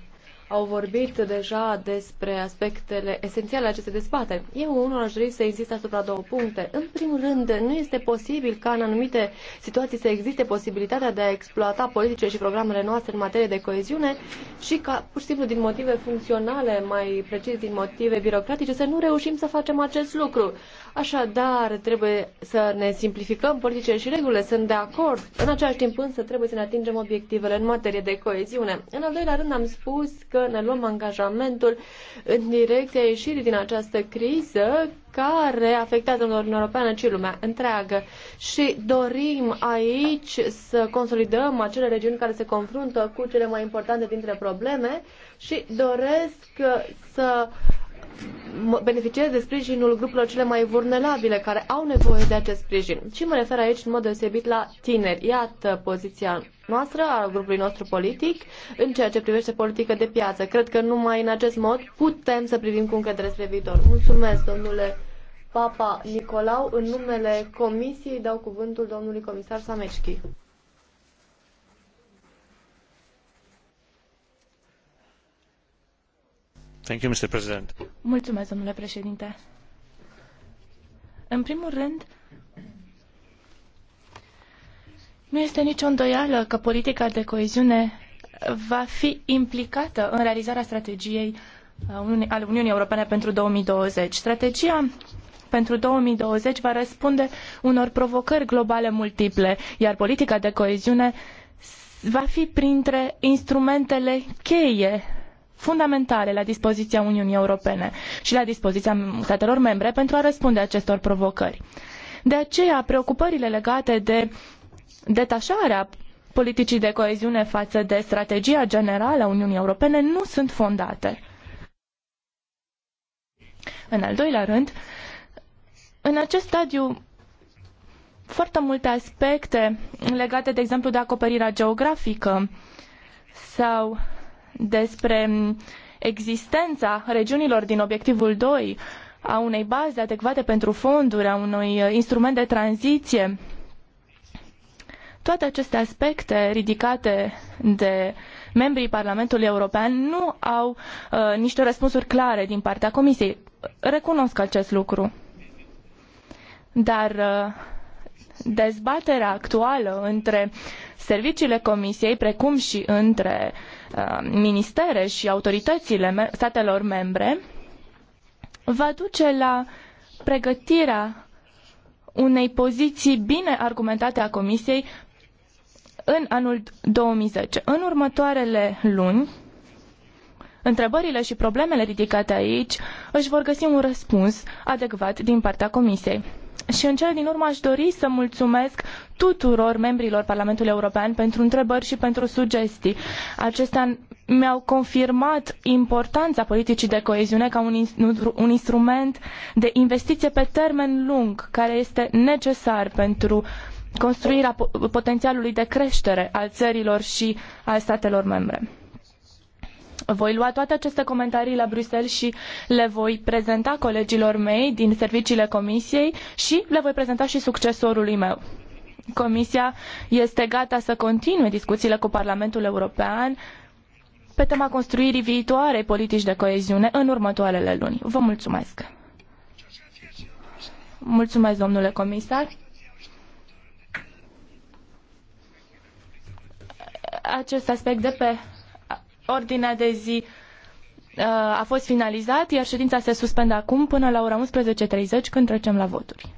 E: au vorbit deja despre aspectele esențiale acestei dezbateri. Eu unul aș dori să insist asupra două puncte. În primul rând, nu este posibil ca în anumite situații să existe posibilitatea de a exploata politicile și programele noastre în materie de coeziune și ca, pur și simplu, din motive funcționale, mai precis din motive birocratice, să nu reușim să facem acest lucru. Așadar, trebuie să ne simplificăm politicile și regulile, sunt de acord. În același timp însă trebuie să ne atingem obiectivele în materie de coeziune. În al doilea rând am spus că ne luăm angajamentul în direcția ieșirii din această criză care afectează Uniunea Europeană, și lumea întreagă. Și dorim aici să consolidăm acele regiuni care se confruntă cu cele mai importante dintre probleme și doresc să beneficiez de sprijinul grupurilor cele mai vulnerabile care au nevoie de acest sprijin. Și mă refer aici în mod deosebit la tineri. Iată poziția noastră, a grupului nostru politic, în ceea ce privește politică de piață. Cred că numai în acest mod putem să privim cu încredere spre viitor. Mulțumesc, domnule Papa Nicolau. În numele Comisiei dau cuvântul domnului comisar Samechchi.
D: Mulțumesc, președinte. În primul rând, nu este nicio îndoială că politica de coeziune va fi implicată în realizarea strategiei uh, ale Uniunii Europene pentru 2020. Strategia pentru 2020 va răspunde unor provocări globale multiple, iar politica de coeziune va fi printre instrumentele cheie fundamentale la dispoziția Uniunii Europene și la dispoziția statelor membre pentru a răspunde acestor provocări. De aceea, preocupările legate de detașarea politicii de coeziune față de strategia generală a Uniunii Europene nu sunt fondate. În al doilea rând, în acest stadiu foarte multe aspecte legate, de exemplu, de acoperirea geografică sau despre existența regiunilor din obiectivul 2, a unei baze adecvate pentru fonduri, a unui uh, instrument de tranziție. Toate aceste aspecte ridicate de membrii Parlamentului European nu au uh, niște răspunsuri clare din partea Comisiei. Recunosc acest lucru. Dar uh, dezbaterea actuală între serviciile Comisiei, precum și între uh, Uh, ministere și autoritățile statelor membre va duce la pregătirea unei poziții bine argumentate a Comisiei în anul 2010. În următoarele luni, întrebările și problemele ridicate aici își vor găsi un răspuns adecvat din partea Comisiei. Și în cele din urmă aș dori să mulțumesc tuturor membrilor Parlamentului European pentru întrebări și pentru sugestii. Acestea mi-au confirmat importanța politicii de coeziune ca un, un instrument de investiție pe termen lung, care este necesar pentru construirea potențialului de creștere al țărilor și al statelor membre. Voi lua toate aceste comentarii la Bruxelles și le voi prezenta colegilor mei din serviciile comisiei și le voi prezenta și succesorului meu. Comisia este gata să continue discuțiile cu Parlamentul European pe tema construirii viitoarei politici de coeziune în următoarele luni. Vă mulțumesc! Mulțumesc, domnule comisar! Acest aspect de pe ordinea de zi uh, a fost finalizat, iar ședința se suspendă acum până la ora 11.30 când trecem la voturi.